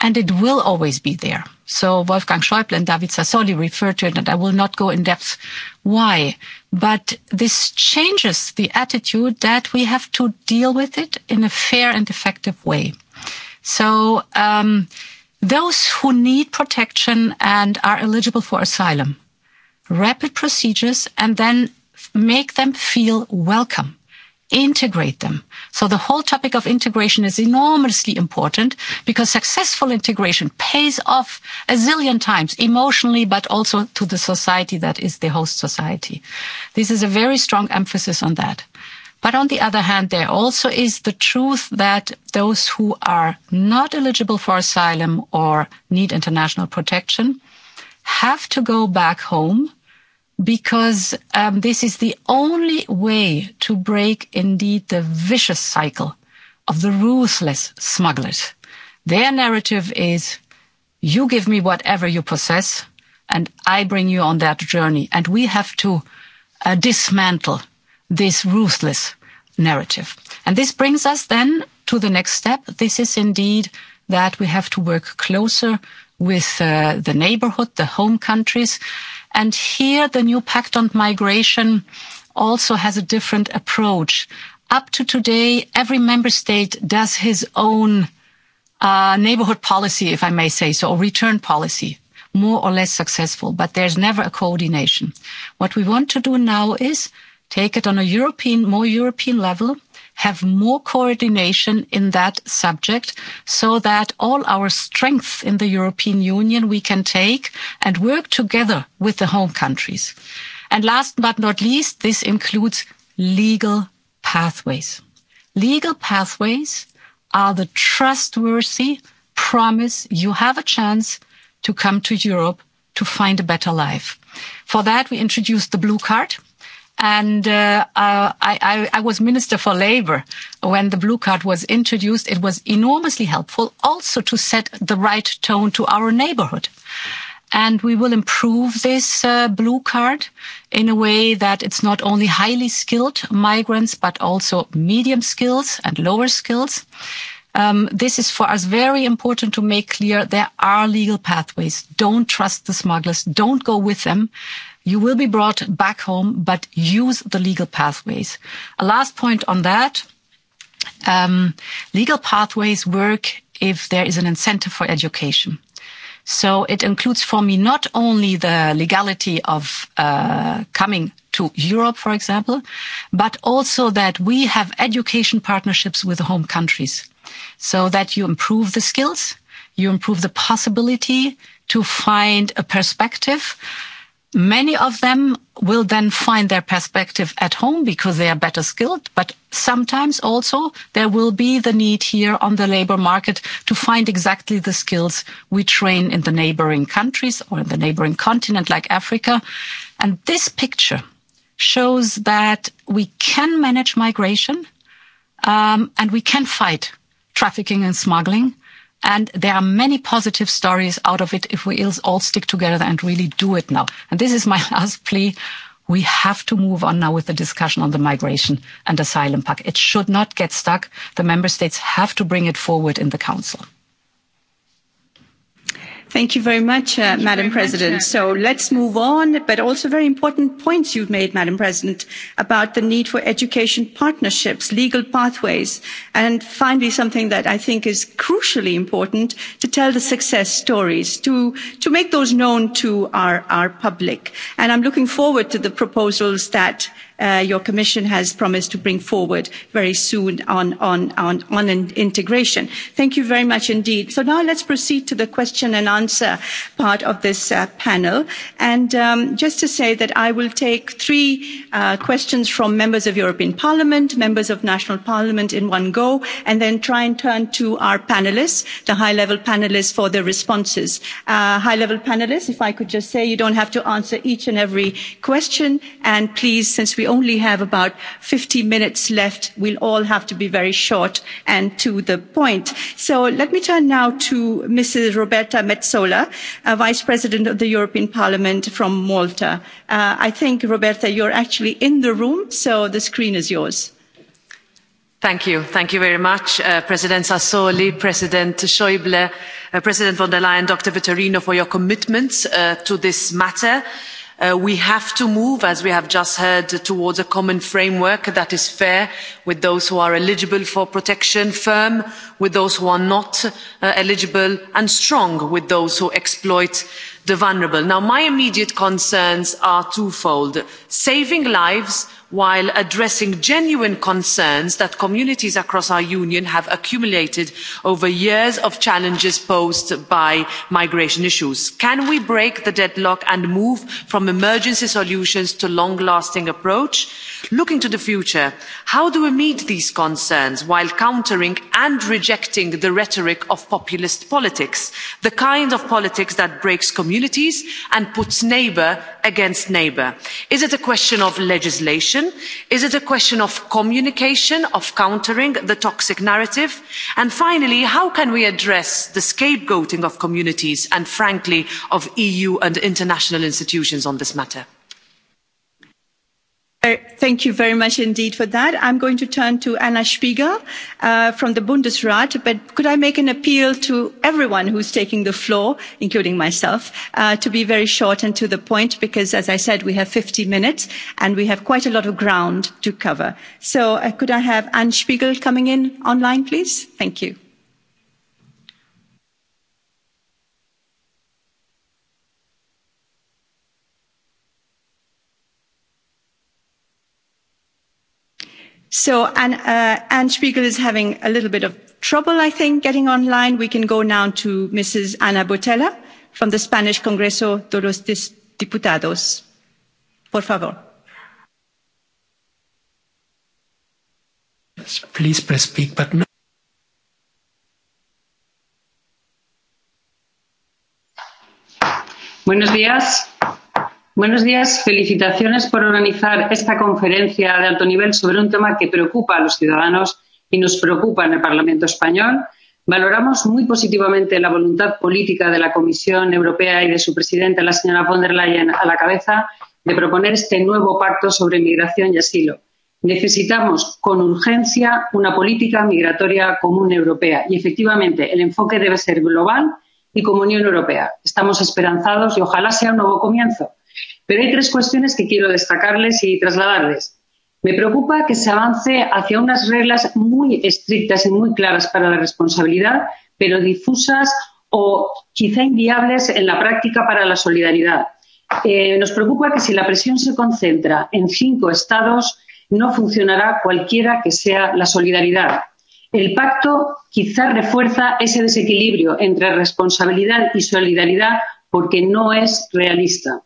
and it will always be there. So Wolfgang Schäuble and David Sassoli referred to it, and I will not go in depth why. But this changes the attitude that we have to deal with it in a fair and effective way. So um those who need protection and are eligible for asylum, rapid procedures, and then make them feel welcome integrate them. So the whole topic of integration is enormously important because successful integration pays off a zillion times emotionally, but also to the society that is the host society. This is a very strong emphasis on that. But on the other hand, there also is the truth that those who are not eligible for asylum or need international protection have to go back home because this is the only way to break indeed the vicious cycle of the ruthless smugglers. Their narrative is, you give me whatever you possess and I bring you on that journey. And we have to dismantle this ruthless narrative. And this brings us then to the next step. This is indeed that we have to work closer with the neighborhood, the home countries. And here the new pact on migration also has a different approach. Up to today, every member state does his own neighborhood policy, if I may say so, or return policy, more or less successful, but there's never a coordination. What we want to do now is take it on a European, more European level, have more coordination in that subject so that all our strengths in the European Union we can take and work together with the home countries. And last but not least, this includes legal pathways. Legal pathways are the trustworthy promise you have a chance to come to Europe to find a better life. For that, we introduced the blue card and I I was Minister for Labour when the Blue Card was introduced. It was enormously helpful also to set the right tone to our neighbourhood. And we will improve this blue card in a way that it's not only highly skilled migrants, but also medium skills and lower skills. This is for us very important to make clear there are legal pathways. Don't trust the smugglers. Don't go with them. You will be brought back home, but use the legal pathways. A last point on that. Um Legal pathways work if there is an incentive for education. So it includes for me not only the legality of coming to Europe, for example, but also that we have education partnerships with home countries so that you improve the skills, you improve the possibility to find a perspective Many of them will then find their perspective at home because they are better skilled, but sometimes also there will be the need here on the labor market to find exactly the skills we train in the neighboring countries or in the neighboring continent like Africa. And this picture shows that we can manage migration and we can fight trafficking and smuggling And there are many positive stories out of it if we all stick together and really do it now. And this is my last plea. We have to move on now with the discussion on the migration and asylum pack. It should not get stuck. The member states have to bring it forward in the council. Thank you very much, Madam President. So let's move on, but also very important points you've made, Madam President, about the need for education partnerships, legal pathways, and finally something that I think is crucially important to tell the success stories, to to make those known to our our public. And I'm looking forward to the proposals that your commission has promised to bring forward very soon on integration. thank you very much indeed. so now let's proceed to the question and answer part of this panel and just to say that i will take three questions from members of european parliament members of national parliament in one go and then try and turn to our panelists, the high level panelists for their responses. high level panelists, if i could just say you don't have to answer each and every question and please since only have about fifty minutes left we'll all have to be very short and to the point. so let me turn now to mrs roberta metsola vice president of the european parliament from malta. i think roberta you're actually in the room so the screen is yours. Thank you. Thank you very much, President Sassoli, President Schäuble, President von der Leyen, Dr. Vitorino, for your commitments to this matter we have to move as we have just heard towards a common framework that is fair with those who are eligible for protection firm with those who are not eligible and strong with those who exploit the vulnerable. my immediate concerns are twofold saving lives while addressing genuine concerns that communities across our union have accumulated over years of challenges posed by migration issues. can we break the deadlock and move from emergency solutions to a long lasting approach? looking to the future how do we meet these concerns while countering and rejecting the rhetoric of populist politics the kind of politics that breaks communities and puts neighbour against neighbour? is it a question of legislation? is it a question of communication of countering the toxic narrative? and finally how can we address the scapegoating of communities and frankly of eu and international institutions on this matter? Thank you very much indeed for that. I'm going to turn to Anna Spiegel from the Bundesrat, but could I make an appeal to everyone who's taking the floor, including myself, to be very short and to the point, because as I said, we have 50 minutes and we have quite a lot of ground to cover. So could I have Anne Spiegel coming in online, please? Thank you. So Anne Spiegel is having a little bit of trouble, I think, getting online. We can go now to Mrs. Ana Botella from the Spanish Congreso de los Diputados. Por favor. Please press speak button. Buenos días. Buenos días. Felicitaciones por organizar esta conferencia de alto nivel sobre un tema que preocupa a los ciudadanos y nos preocupa en el Parlamento español. Valoramos muy positivamente la voluntad política de la Comisión Europea y de su presidenta, la señora von der Leyen, a la cabeza de proponer este nuevo pacto sobre migración y asilo. Necesitamos con urgencia una política migratoria común europea y, efectivamente, el enfoque debe ser global y como Unión Europea. Estamos esperanzados y ojalá sea un nuevo comienzo Pero hay tres cuestiones que quiero destacarles y trasladarles. Me preocupa que se avance hacia unas reglas muy estrictas y muy claras para la responsabilidad, pero difusas o quizá inviables en la práctica para la solidaridad. Eh, nos preocupa que si la presión se concentra en cinco estados, no funcionará cualquiera que sea la solidaridad. El pacto quizá refuerza ese desequilibrio entre responsabilidad y solidaridad porque no es realista.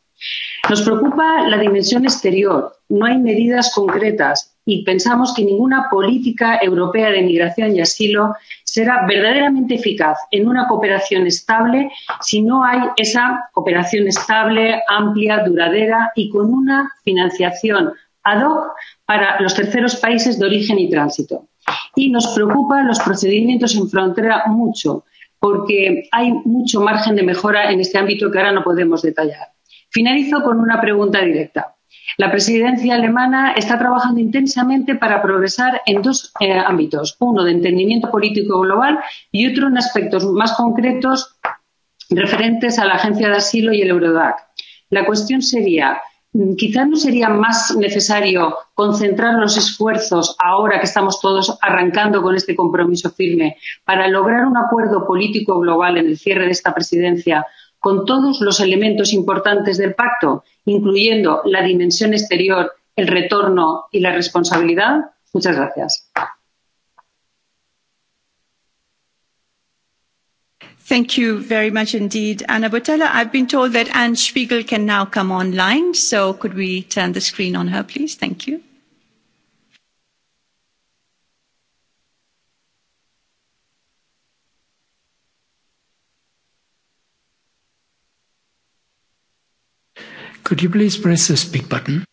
Nos preocupa la dimensión exterior. No hay medidas concretas y pensamos que ninguna política europea de migración y asilo será verdaderamente eficaz en una cooperación estable si no hay esa cooperación estable, amplia, duradera y con una financiación ad hoc para los terceros países de origen y tránsito. Y nos preocupan los procedimientos en frontera mucho, porque hay mucho margen de mejora en este ámbito que ahora no podemos detallar. Finalizo con una pregunta directa. La presidencia alemana está trabajando intensamente para progresar en dos ámbitos, uno de entendimiento político global y otro en aspectos más concretos referentes a la Agencia de Asilo y el Eurodac. La cuestión sería, quizá no sería más necesario concentrar los esfuerzos ahora que estamos todos arrancando con este compromiso firme para lograr un acuerdo político global en el cierre de esta presidencia con todos los elementos importantes del pacto, incluyendo la dimensión exterior, el retorno y la responsabilidad? Muchas gracias. Thank you very much indeed, Anna Botella. I've been told that Anne Spiegel can now come online, so could we turn the screen on her, please? Thank you. Could you please press the speak button?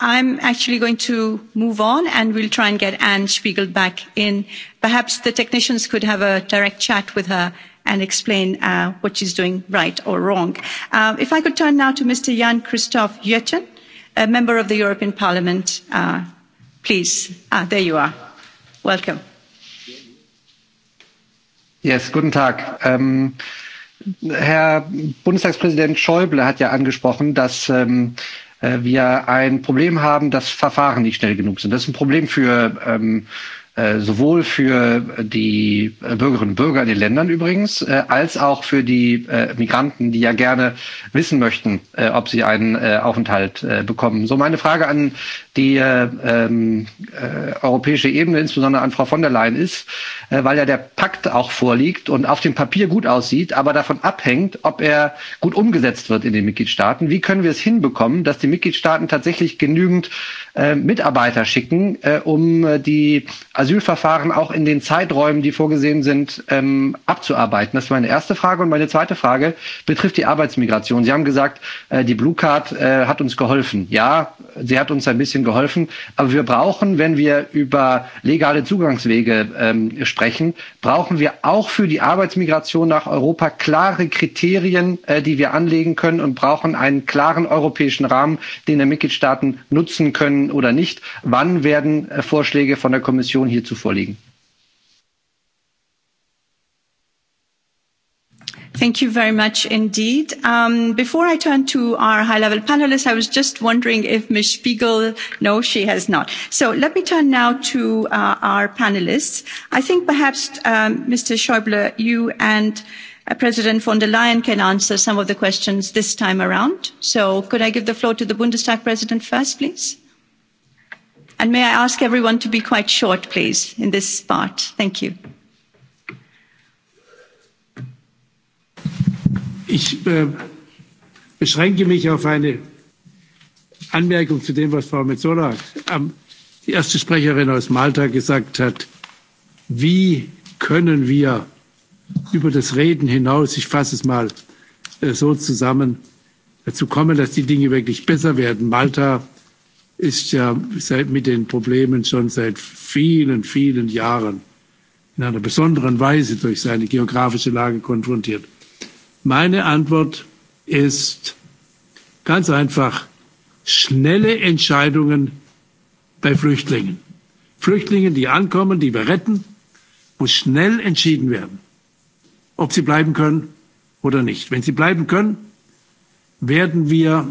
I'm actually going to move on and we'll try and get Anne Spiegel back in. Perhaps the technicians could have a direct chat with her and explain what she's doing right or wrong. If I could turn now to Mr. Jan Christoph Jutten, a member of the European Parliament. Please, there you are. Welcome. Yes, guten Tag. Ähm, Herr Bundestagspräsident Schäuble hat ja angesprochen, dass ähm, wir ein Problem haben, dass Verfahren nicht schnell genug sind. Das ist ein Problem für ähm, sowohl für die Bürgerinnen und Bürger in den Ländern übrigens, als auch für die Migranten, die ja gerne wissen möchten, ob sie einen Aufenthalt bekommen. So meine Frage an die europäische Ebene, insbesondere an Frau von der Leyen, ist, weil ja der Pakt auch vorliegt und auf dem Papier gut aussieht, aber davon abhängt, ob er gut umgesetzt wird in den Mitgliedstaaten. Wie können wir es hinbekommen, dass die Mitgliedstaaten tatsächlich genügend Mitarbeiter schicken, um die Asylverfahren auch in den Zeiträumen, die vorgesehen sind, abzuarbeiten? Das ist meine erste Frage. Und meine zweite Frage betrifft die Arbeitsmigration. Sie haben gesagt, die Blue Card hat uns geholfen. Ja, sie hat uns ein bisschen geholfen. Aber wir brauchen, wenn wir über legale Zugangswege sprechen, brauchen wir auch für die Arbeitsmigration nach Europa klare Kriterien, die wir anlegen können und brauchen einen klaren europäischen Rahmen, den der Mitgliedstaaten nutzen können oder nicht. Wann werden Vorschläge von der Kommission hierzu vorlegen. Thank you very much indeed. Um, before I turn to our high-level panelists, I was just wondering if Ms. Spiegel, no, she has not. So let me turn now to uh, our panelists. I think perhaps, um, Mr. Schäuble, you and uh, President von der Leyen can answer some of the questions this time around. So could I give the floor to the Bundestag President first, please? and may i ask everyone to be quite short please in this part thank you ich beschränke mich auf eine anmerkung zu dem was frau metsola die erste sprecherin aus malta gesagt hat wie können wir über das reden hinaus ich fasse es mal so zusammen dazu kommen dass die dinge wirklich besser werden malta ist ja mit den Problemen schon seit vielen, vielen Jahren in einer besonderen Weise durch seine geografische Lage konfrontiert. Meine Antwort ist ganz einfach schnelle Entscheidungen bei Flüchtlingen. Flüchtlingen, die ankommen, die wir retten, muss schnell entschieden werden, ob sie bleiben können oder nicht. Wenn sie bleiben können, werden wir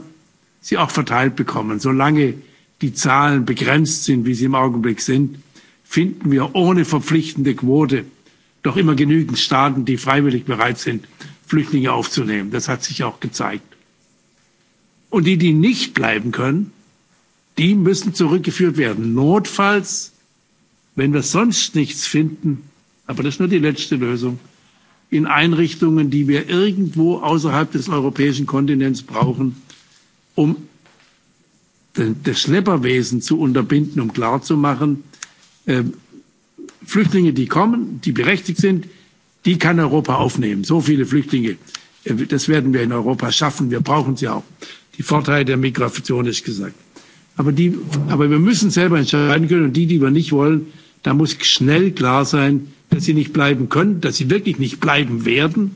sie auch verteilt bekommen, solange die Zahlen begrenzt sind, wie sie im Augenblick sind, finden wir ohne verpflichtende Quote doch immer genügend Staaten, die freiwillig bereit sind, Flüchtlinge aufzunehmen. Das hat sich auch gezeigt. Und die, die nicht bleiben können, die müssen zurückgeführt werden. Notfalls, wenn wir sonst nichts finden, aber das ist nur die letzte Lösung, in Einrichtungen, die wir irgendwo außerhalb des europäischen Kontinents brauchen, um das Schlepperwesen zu unterbinden, um klarzumachen, Flüchtlinge, die kommen, die berechtigt sind, die kann Europa aufnehmen. So viele Flüchtlinge, das werden wir in Europa schaffen. Wir brauchen sie auch. Die Vorteile der Migration ist gesagt. Aber, die, aber wir müssen selber entscheiden können und die, die wir nicht wollen, da muss schnell klar sein, dass sie nicht bleiben können, dass sie wirklich nicht bleiben werden.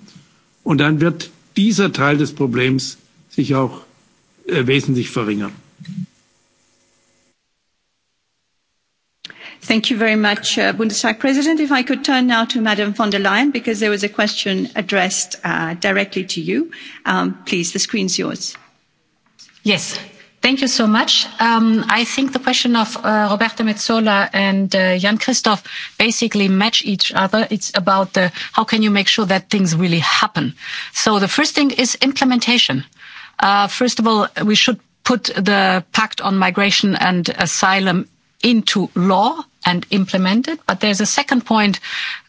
Und dann wird dieser Teil des Problems sich auch wesentlich verringern. Thank you very much, Bundestag President. If I could turn now to Madam von der Leyen, because there was a question addressed directly to you. Please, the screen is yours. Yes, thank you so much. I think the question of Roberta Metsola and Jan Christoph basically match each other. It's about how can you make sure that things really happen. So the first thing is implementation. First of all, we should put the Pact on Migration and Asylum into law and implement it. But there's a second point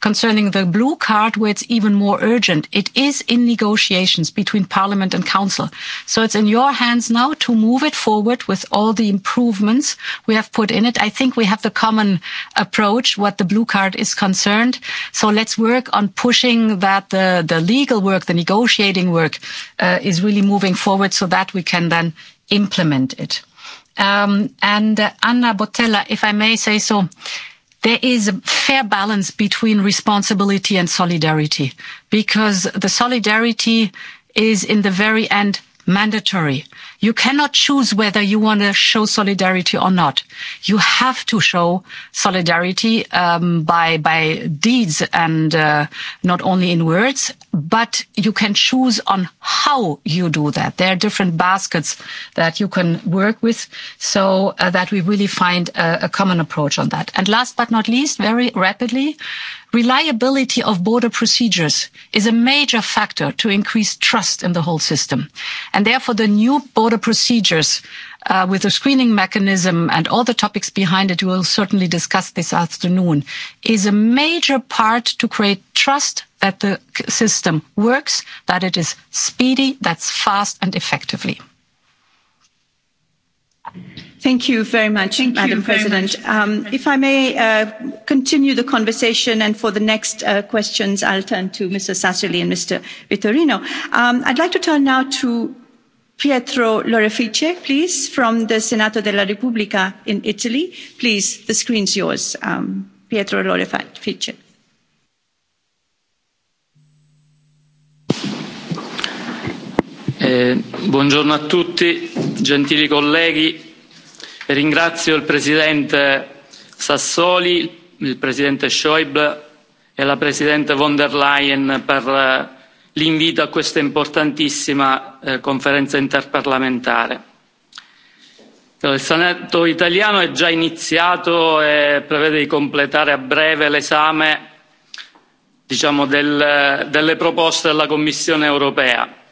concerning the blue card where it's even more urgent. It is in negotiations between Parliament and Council. So it's in your hands now to move it forward with all the improvements we have put in it. I think we have the common approach what the blue card is concerned. So let's work on pushing that the, the legal work, the negotiating work is really moving forward so that we can then implement it. Um And Anna Botella, if I may say so, there is a fair balance between responsibility and solidarity, because the solidarity is in the very end mandatory You cannot choose whether you want to show solidarity or not. You have to show solidarity by by deeds and not only in words, but you can choose on how you do that. There are different baskets that you can work with so that we really find a common approach on that. And last but not least, very rapidly, Reliability of border procedures is a major factor to increase trust in the whole system. And therefore, the new border procedures with the screening mechanism and all the topics behind it, we will certainly discuss this afternoon, is a major part to create trust that the system works, that it is speedy, that's fast and effectively. Thank you very much, Madam President. If I may continue the conversation and for the next questions, I'll turn to Mr. Sassoli and Mr. Vitorino. I'd like to turn now to Pietro Lorefice, please, from the Senato della Repubblica in Italy. Please, the screen's yours. Pietro Lorefice. Buongiorno a tutti, gentili colleghi. Ringrazio il presidente Sassoli, il presidente Schäuble e la presidente von der Leyen per l'invito a questa importantissima conferenza interparlamentare. Il Senato italiano è già iniziato e prevede di completare a breve l'esame diciamo delle proposte della Commissione europea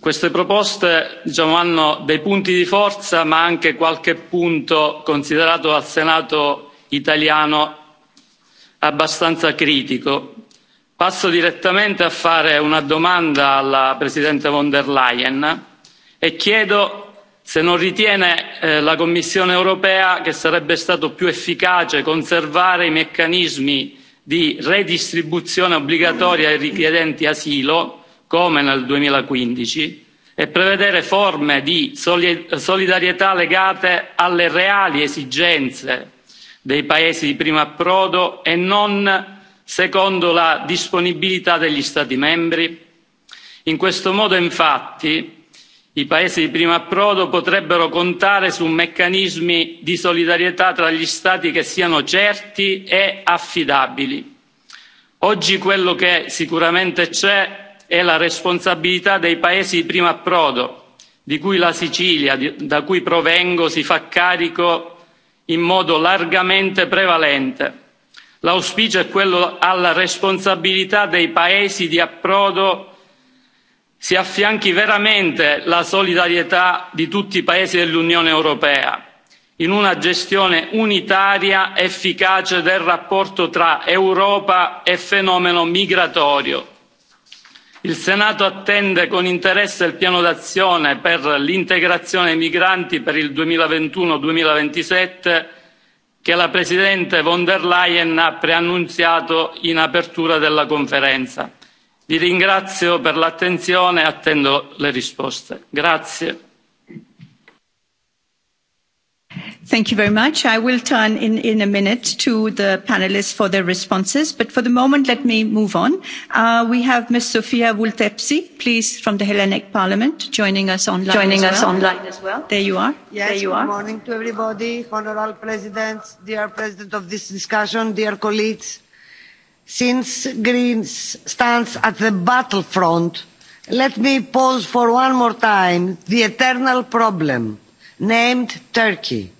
queste proposte diciamo hanno dei punti di forza ma anche qualche punto considerato dal senato italiano abbastanza critico. passo direttamente a fare una domanda alla presidente von der leyen e chiedo se non ritiene la commissione europea che sarebbe stato più efficace conservare i meccanismi di redistribuzione obbligatoria ai richiedenti asilo come nel 2015 e prevedere forme di solidarietà legate alle reali esigenze dei paesi di primo approdo e non secondo la disponibilità degli stati membri in questo modo infatti i paesi di primo approdo potrebbero contare su meccanismi di solidarietà tra gli stati che siano certi e affidabili oggi quello che sicuramente c'è è la responsabilità dei paesi di primo approdo di cui la sicilia da cui provengo si fa carico in modo largamente prevalente. l'auspicio è quello alla responsabilità dei paesi di approdo si affianchi veramente la solidarietà di tutti i paesi dell'unione europea in una gestione unitaria efficace del rapporto tra europa e fenomeno migratorio il senato attende con interesse il piano d'azione per l'integrazione dei migranti per il 2021 2027 che la presidente von der Leyen ha preannunziato in apertura della conferenza. Vi ringrazio per l'attenzione e attendo le risposte. Grazie. Thank you very much. I will turn in, in a minute to the panelists for their responses, but for the moment, let me move on. we have Ms. Sofia Wultepsi, please, from the Hellenic Parliament, joining us online. Joining us online as well. There you are. Yes, good morning to everybody, Honourable Presidents, dear President of this discussion, dear colleagues. Since Greens stands at the battlefront, let me pose for one more time the eternal problem named Turkey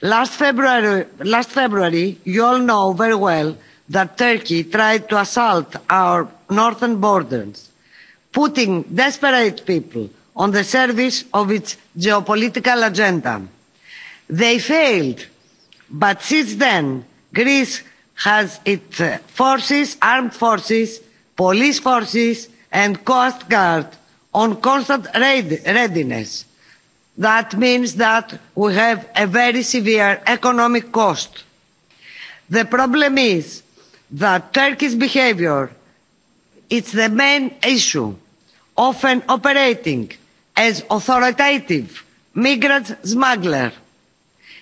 Last February, you all know very well that Turkey tried to assault our northern borders, putting desperate people on the service of its geopolitical agenda. They failed, but since then Greece has its forces, armed forces, police forces and coast guard on constant readiness that means that we have a very severe economic cost. the problem is that turkey's behaviour is the main issue often operating as authoritative migrant smuggler.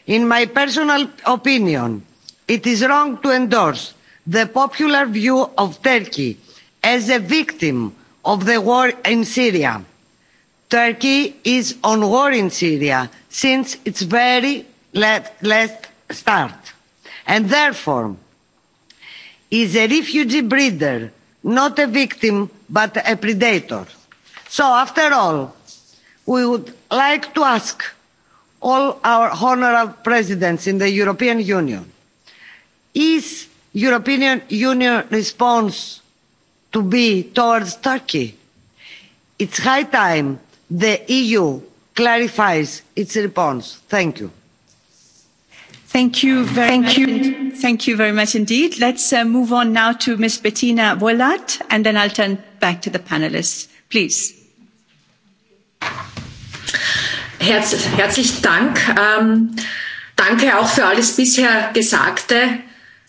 in my personal opinion it is wrong to endorse the popular view of turkey as a victim of the war in syria turkey is on war in syria since its very last start and therefore is a refugee breeder not a victim but a predator. so after all we would like to ask all our honourable presidents in the european union is european union response to be towards turkey? it's high time the eu clarifies its response. thank you. Thank you very much. Thank you very much indeed. Let's move on now to Ms. Bettina Wollat, and then I'll turn back to the panelists. Please. Herzlichen Dank. Danke auch für alles bisher Gesagte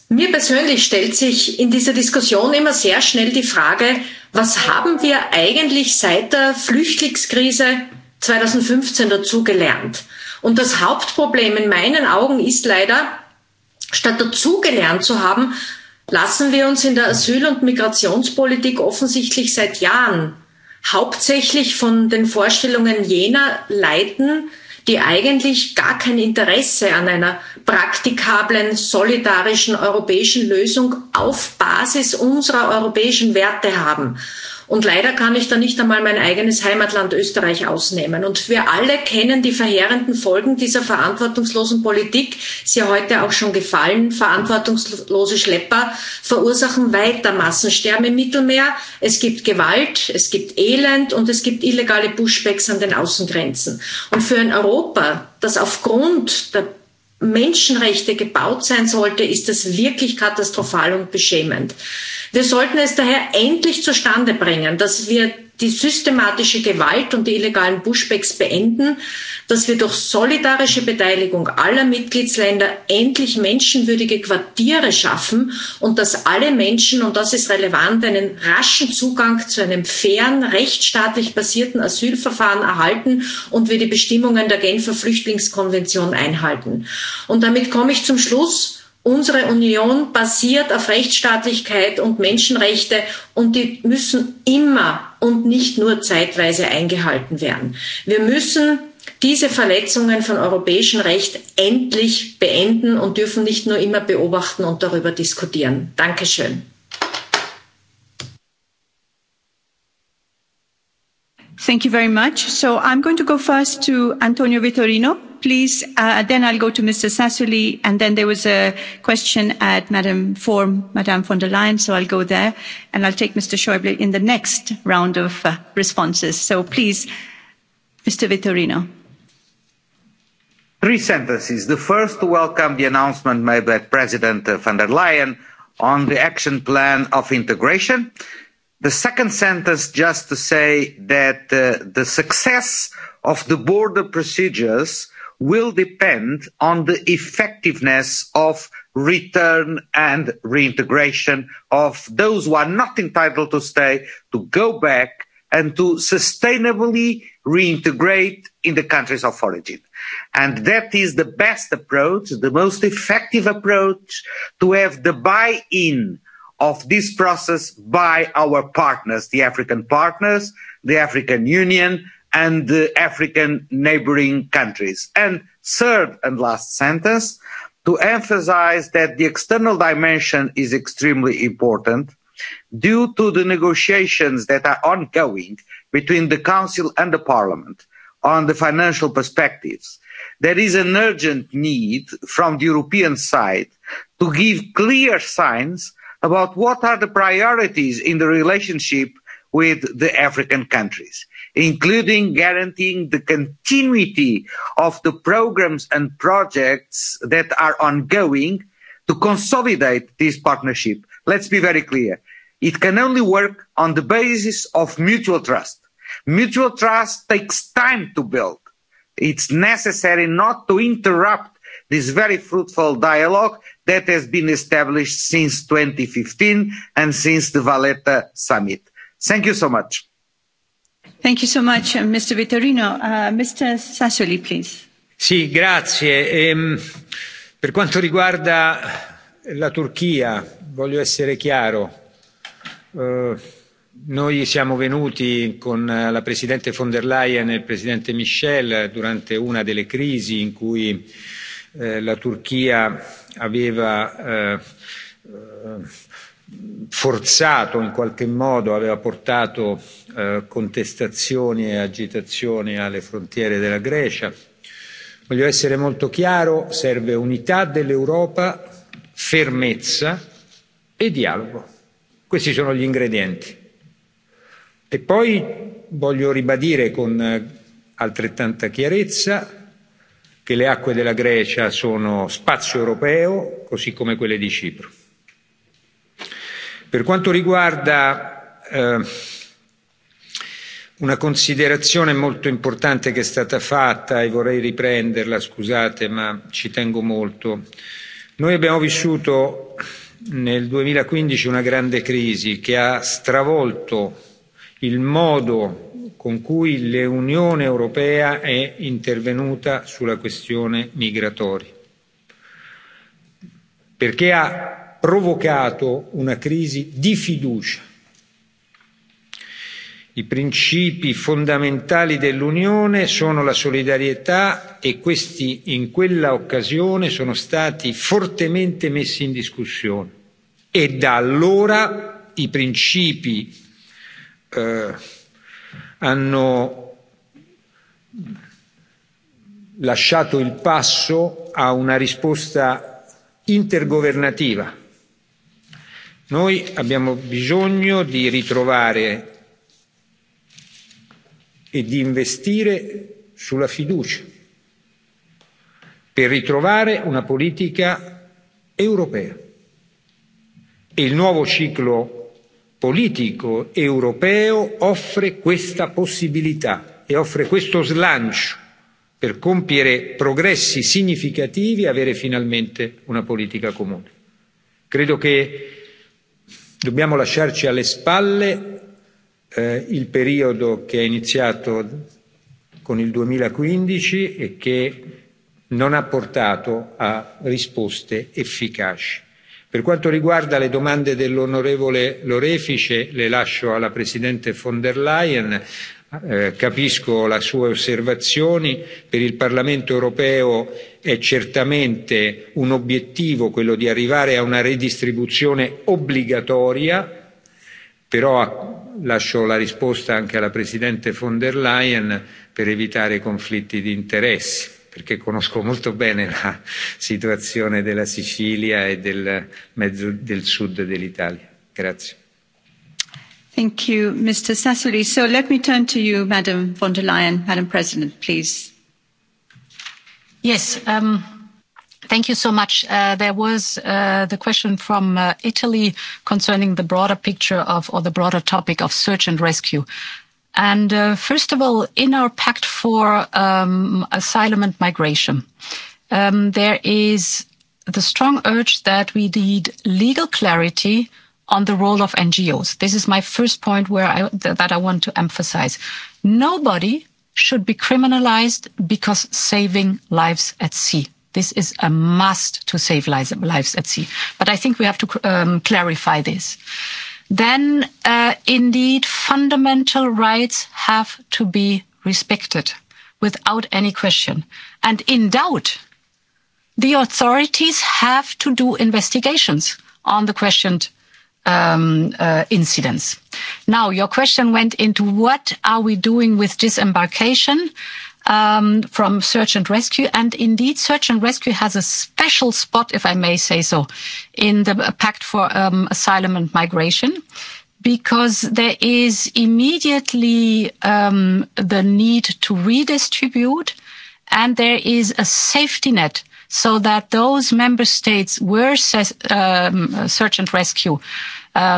Mir persönlich stellt sich in dieser Diskussion immer sehr schnell die Frage, was haben wir eigentlich seit der Flüchtlingskrise 2015 dazu gelernt? Und das Hauptproblem in meinen Augen ist leider, statt dazugelernt zu haben, lassen wir uns in der Asyl- und Migrationspolitik offensichtlich seit Jahren hauptsächlich von den Vorstellungen jener leiten, die eigentlich gar kein interesse an einer praktikablen solidarischen europäischen lösung auf basis unserer europäischen werte haben. Und leider kann ich da nicht einmal mein eigenes Heimatland Österreich ausnehmen. Und wir alle kennen die verheerenden Folgen dieser verantwortungslosen Politik. sie heute auch schon gefallen. Verantwortungslose Schlepper verursachen weiter Massensterben im Mittelmeer. Es gibt Gewalt, es gibt Elend und es gibt illegale Pushbacks an den Außengrenzen. Und für ein Europa, das aufgrund der menschenrechte gebaut sein sollte ist das wirklich katastrophal und beschämend. wir sollten es daher endlich zustande bringen dass wir die systematische Gewalt und die illegalen Pushbacks beenden, dass wir durch solidarische Beteiligung aller Mitgliedsländer endlich menschenwürdige Quartiere schaffen und dass alle Menschen, und das ist relevant, einen raschen Zugang zu einem fairen, rechtsstaatlich basierten Asylverfahren erhalten und wir die Bestimmungen der Genfer Flüchtlingskonvention einhalten. Und damit komme ich zum Schluss unsere union basiert auf rechtsstaatlichkeit und menschenrechte und die müssen immer und nicht nur zeitweise eingehalten werden. wir müssen diese verletzungen von europäischem recht endlich beenden und dürfen nicht nur immer beobachten und darüber diskutieren. dankeschön thank you very much. so i'm going to go first to antonio vitorino please. Then I'll go to Mr. Sassoli, and then there was a question at Madam Form, Madam von der Leyen, so I'll go there, and I'll take Mr. Schäuble in the next round of responses. So please, Mr. Vitorino. Three sentences. The first, to welcome the announcement made by President von der Leyen on the action plan of integration. The second sentence, just to say that the success of the border procedures will depend on the effectiveness of return and reintegration of those who are not entitled to stay to go back and to sustainably reintegrate in the countries of origin. And that is the best approach, the most effective approach to have the buy-in of this process by our partners, the African partners, the African Union, and the African neighbouring countries. And third and last sentence, to emphasise that the external dimension is extremely important due to the negotiations that are ongoing between the Council and the Parliament on the financial perspectives. There is an urgent need from the European side to give clear signs about what are the priorities in the relationship with the African countries including guaranteeing the continuity of the programmes and projects that are ongoing to consolidate this partnership. Let's be very clear. It can only work on the basis of mutual trust. Mutual trust takes time to build. It's necessary not to interrupt this very fruitful dialogue that has been established since 2015 and since the Valletta summit. Thank you so much grazie. per quanto riguarda la Turchia, voglio essere chiaro. noi siamo venuti con la Presidente von der Leyen e il Presidente Michel durante una delle crisi in cui la Turchia aveva forzato in qualche modo aveva portato contestazioni e agitazioni alle frontiere della Grecia. Voglio essere molto chiaro, serve unità dell'Europa, fermezza e dialogo. Questi sono gli ingredienti. E poi voglio ribadire con altrettanta chiarezza che le acque della Grecia sono spazio europeo, così come quelle di Cipro per quanto riguarda una considerazione molto importante che è stata fatta e vorrei riprenderla scusate ma ci tengo molto noi abbiamo vissuto nel 2015 una grande crisi che ha stravolto il modo con cui l'unione europea è intervenuta sulla questione migratoria perché ha provocato una crisi di fiducia. I principi fondamentali dell'Unione sono la solidarietà e questi in quella occasione sono stati fortemente messi in discussione e da allora i principi hanno lasciato il passo a una risposta intergovernativa Noi abbiamo bisogno di ritrovare e di investire sulla fiducia per ritrovare una politica europea e il nuovo ciclo politico europeo offre questa possibilità e offre questo slancio per compiere progressi significativi e avere finalmente una politica comune. Credo che dobbiamo lasciarci alle spalle il periodo che è iniziato con il 2015 e che non ha portato a risposte efficaci. Per quanto riguarda le domande dell'onorevole Lorefice le lascio alla presidente von der Leyen capisco le sue osservazioni per il parlamento europeo è certamente un obiettivo quello di arrivare a una redistribuzione obbligatoria però lascio la risposta anche alla presidente von der leyen per evitare conflitti di interessi perché conosco molto bene la situazione della sicilia e del sud dell'italia. Thank you, Mr. Sassoli. So let me turn to you, Madam von der Leyen, Madam President, please. Yes, Thank you so much. There was the question from Italy concerning the broader picture of, or the broader topic of search and rescue. And first of all, in our pact for asylum and migration, there is the strong urge that we need legal clarity on the role of NGOs. This is my first point where I, that I want to emphasize. Nobody should be criminalized because saving lives at sea. This is a must to save lives at sea. But I think we have to clarify this. Then, indeed, fundamental rights have to be respected without any question. And in doubt, the authorities have to do investigations on the questioned incidents. Now, your question went into what are we doing with disembarkation from search and rescue. And indeed, search and rescue has a special spot, if I may say so, in the Pact for Asylum and Migration, because there is immediately the need to redistribute and there is a safety net so that those member states were search and rescue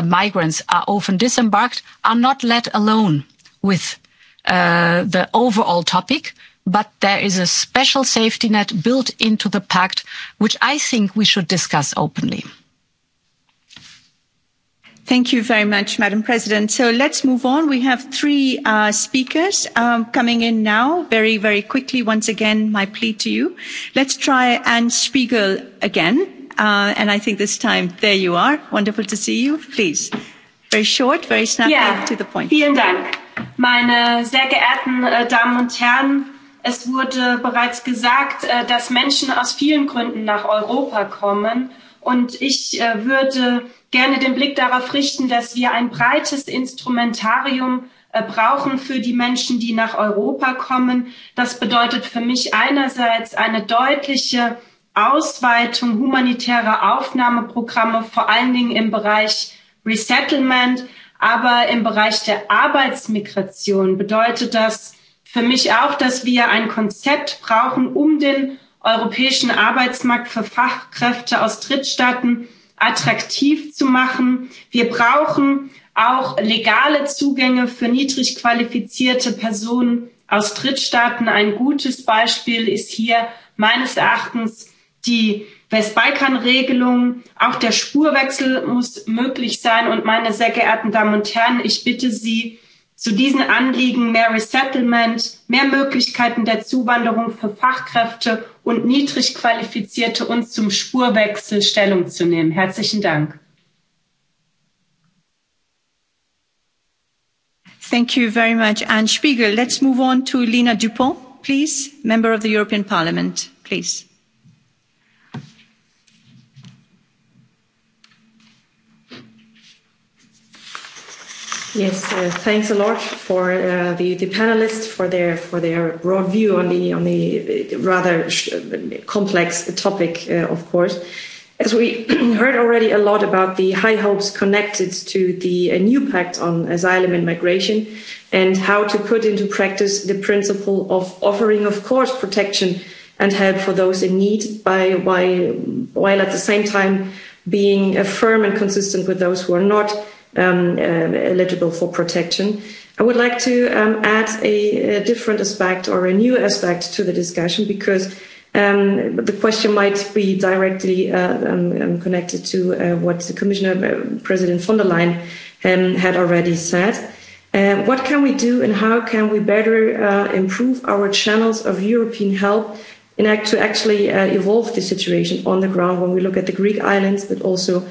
migrants are often disembarked, are not let alone with the overall topic, but there is a special safety net built into the pact, which I think we should discuss openly. Thank you very much, Madam President. So let's move on. We have three speakers coming in now, very, very quickly. Once again, my plea to you. Let's try Anne Spiegel again and I think this time there you are. Wonderful to see you. Please, very short, very snappy to the point. Vielen Dank, meine sehr geehrten Damen und Herren. Es wurde bereits gesagt, dass Menschen aus vielen Gründen nach Europa kommen. Und ich würde gerne den Blick darauf richten, dass wir ein breites Instrumentarium brauchen für die Menschen, die nach Europa kommen. Das bedeutet für mich einerseits eine deutliche Ausweitung humanitärer Aufnahmeprogramme, vor allen Dingen im Bereich Resettlement, aber im Bereich der Arbeitsmigration bedeutet das für mich auch, dass wir ein Konzept brauchen, um den europäischen Arbeitsmarkt für Fachkräfte aus Drittstaaten attraktiv zu machen. Wir brauchen auch legale Zugänge für niedrig qualifizierte Personen aus Drittstaaten. Ein gutes Beispiel ist hier meines Erachtens die Westbalkan-Regelung, auch der Spurwechsel muss möglich sein. Und meine sehr geehrten Damen und Herren, ich bitte Sie, zu diesen Anliegen mehr Resettlement, mehr Möglichkeiten der Zuwanderung für Fachkräfte und niedrig qualifizierte und zum Spurwechsel Stellung zu nehmen. Herzlichen Dank. Thank you very much, Anne Spiegel. Let's move on to Lina Dupont, please, Member of the European Parliament, please. Yes, thanks a lot for the the panelists for their for their broad view on the on the rather complex topic, of course. As we heard already a lot about the high hopes connected to the new pact on asylum and migration and how to put into practice the principle of offering, of course, protection and help for those in need by while at the same time being firm and consistent with those who are not eligible for protection. I would like to um add a different aspect or a new aspect to the discussion because um the question might be directly connected to what the Commissioner President von der Leyen had already said. What can we do and how can we better improve our channels of European help in to actually evolve the situation on the ground when we look at the Greek islands but also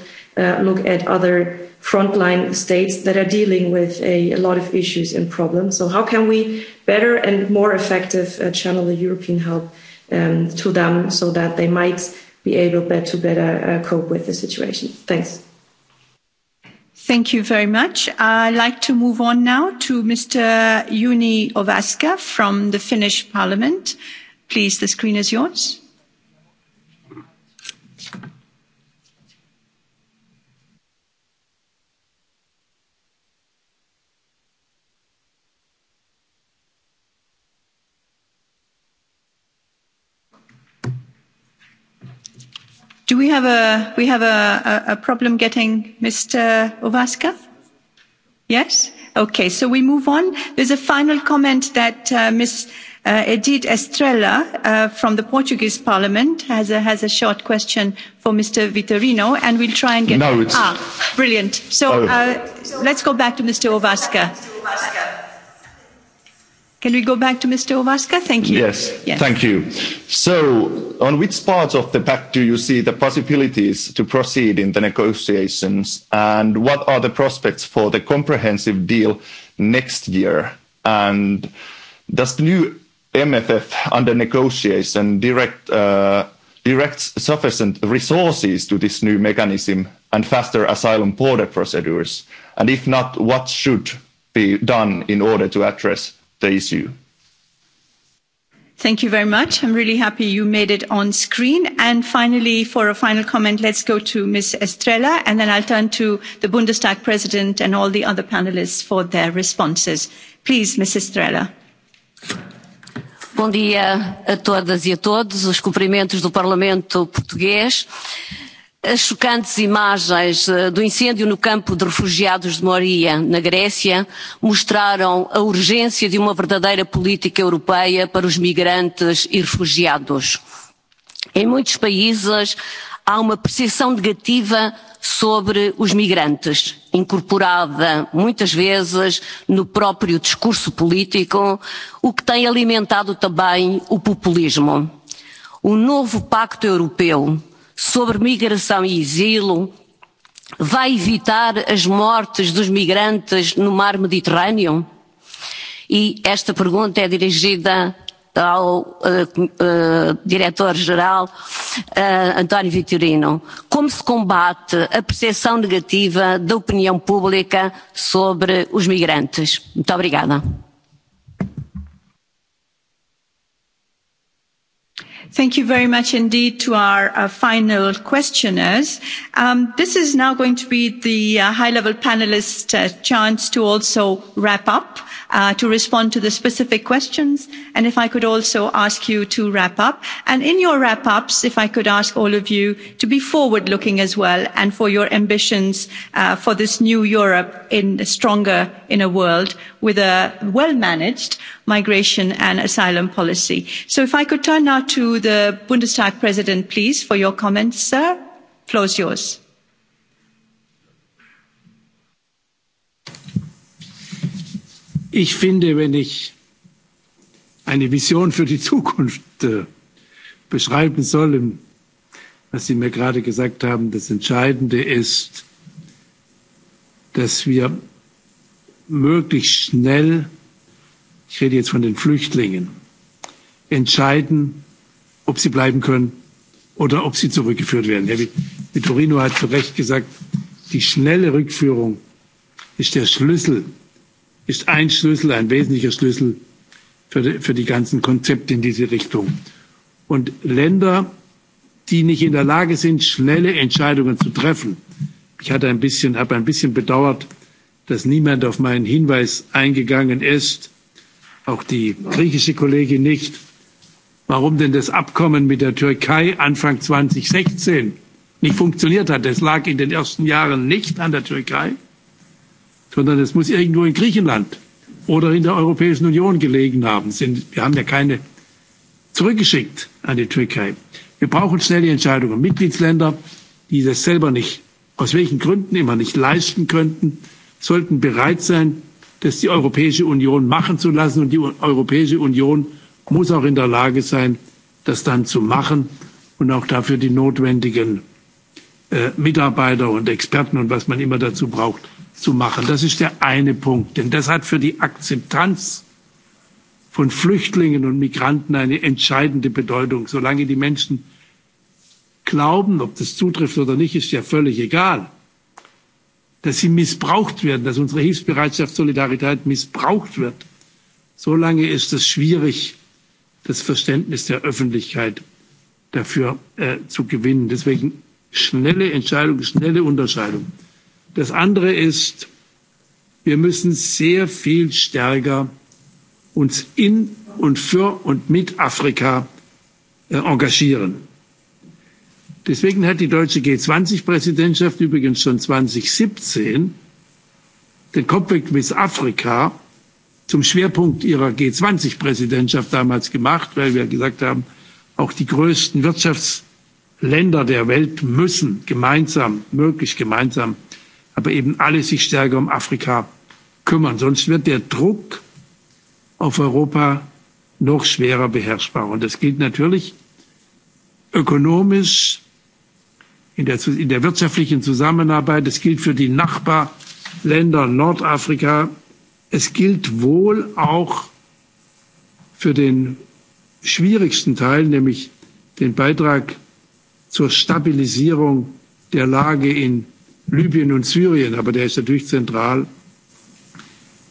look at other frontline states that are dealing with a lot of issues and problems. So how can we better and more effective channel the European help to them so that they might be able to better cope with the situation? Thanks. Thank you very much. I'd like to move on now to Mr. Juni Ovaska from the Finnish Parliament. Please, the screen is yours. Do we have a we have a a problem getting Mr. Ovaska? Yes? Okay, so we move on. There's a final comment that Ms. Edith Estrella from the Portuguese Parliament has a has a short question for Mr. Vitorino, and we'll try and get. No, it's. Ah, brilliant. So let's go back to Mr. Ovaska. Can we go back to Mr. Ovaska? Thank you. Yes, thank you. So, on which parts of the pact do you see the possibilities to proceed in the negotiations, and what are the prospects for the comprehensive deal next year? And does the new MFF under negotiation direct direct sufficient resources to this new mechanism and faster asylum border procedures? And if not, what should be done in order to address the issue. Thank you very much. I'm really happy you made it on screen. And finally, for a final comment, let's go to Ms. Estrela, and then I'll turn to the Bundestag President and all the other panelists for their responses. Please, Ms. Estrela. Bom dia a todas e a todos. Os cumprimentos do Parlamento Português as chocantes imagens do incêndio no campo de refugiados de moria na grécia mostraram a urgência de uma verdadeira política europeia para os migrantes e refugiados. em muitos países há uma percepção negativa sobre os migrantes incorporada muitas vezes no próprio discurso político o que tem alimentado também o populismo. o novo pacto europeu sobre migração e asilo vai evitar as mortes dos migrantes no mar Mediterrâneo? E esta pergunta é dirigida ao diretor-geral António Vitorino. Como se combate a percepção negativa da opinião pública sobre os migrantes? Muito obrigada. Thank you very much indeed to our final questioners. This is now going to be the high-level panelists' chance to also wrap up to respond to the specific questions and if i could also ask you to wrap up and in your wrap ups if i could ask all of you to be forward looking as well and for your ambitions for this new europe in stronger in a world with a well managed migration and asylum policy. so if i could turn now to the bundestag president please for your comments sir. the floor is yours. Ich finde, wenn ich eine Vision für die Zukunft beschreiben soll, was Sie mir gerade gesagt haben, das Entscheidende ist, dass wir möglichst schnell, ich rede jetzt von den Flüchtlingen, entscheiden, ob sie bleiben können oder ob sie zurückgeführt werden. Herr Vitorino hat zu Recht gesagt, die schnelle Rückführung ist der Schlüssel ist ein Schlüssel, ein wesentlicher Schlüssel für die ganzen Konzepte in diese Richtung. Und Länder, die nicht in der Lage sind, schnelle Entscheidungen zu treffen. Ich habe ein bisschen bedauert, dass niemand auf meinen Hinweis eingegangen ist, auch die griechische Kollegin nicht, warum denn das Abkommen mit der Türkei Anfang 2016 nicht funktioniert hat. Das lag in den ersten Jahren nicht an der Türkei, sondern es muss irgendwo in Griechenland oder in der Europäischen Union gelegen haben. Wir haben ja keine zurückgeschickt an die Türkei. Wir brauchen schnelle Entscheidungen. Mitgliedsländer, die das selber nicht, aus welchen Gründen immer nicht leisten könnten, sollten bereit sein, das die Europäische Union machen zu lassen. Und die Europäische Union muss auch in der Lage sein, das dann zu machen und auch dafür die notwendigen Mitarbeiter und Experten und was man immer dazu braucht zu machen. Das ist der eine Punkt. Denn das hat für die Akzeptanz von Flüchtlingen und Migranten eine entscheidende Bedeutung. Solange die Menschen glauben, ob das zutrifft oder nicht, ist ja völlig egal, dass sie missbraucht werden, dass unsere Hilfsbereitschaft, Solidarität missbraucht wird, solange ist es schwierig, das Verständnis der Öffentlichkeit dafür zu gewinnen. Deswegen schnelle Entscheidung, schnelle Unterscheidung. Das andere ist, wir müssen sehr viel stärker in und für und mit Afrika engagieren. Deswegen hat die deutsche G20-Präsidentschaft übrigens schon 2017 den Compact mit Afrika zum Schwerpunkt ihrer G20-Präsidentschaft damals gemacht, weil wir gesagt haben, auch die größten Wirtschaftsländer der Welt müssen gemeinsam, möglichst gemeinsam aber eben alle sich stärker um Afrika kümmern. Sonst wird der Druck auf Europa noch schwerer beherrschbar. Und das gilt natürlich ökonomisch, in der, in der wirtschaftlichen Zusammenarbeit, es gilt für die Nachbarländer Nordafrika, es gilt wohl auch für den schwierigsten Teil, nämlich den Beitrag zur Stabilisierung der Lage in Libyen und Syrien, aber der ist natürlich zentral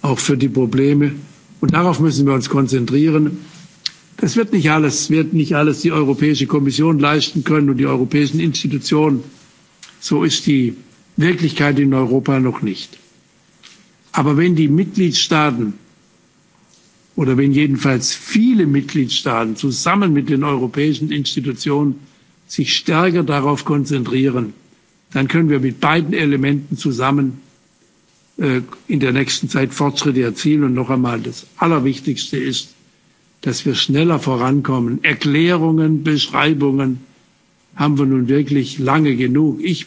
auch für die Probleme. Und darauf müssen wir uns konzentrieren. Das wird nicht alles, wird nicht alles die Europäische Kommission leisten können und die europäischen Institutionen. So ist die Wirklichkeit in Europa noch nicht. Aber wenn die Mitgliedstaaten oder wenn jedenfalls viele Mitgliedstaaten zusammen mit den europäischen Institutionen sich stärker darauf konzentrieren, dann können wir mit beiden Elementen zusammen in der nächsten Zeit Fortschritte erzielen. Und noch einmal, das Allerwichtigste ist, dass wir schneller vorankommen. Erklärungen, Beschreibungen haben wir nun wirklich lange genug. Ich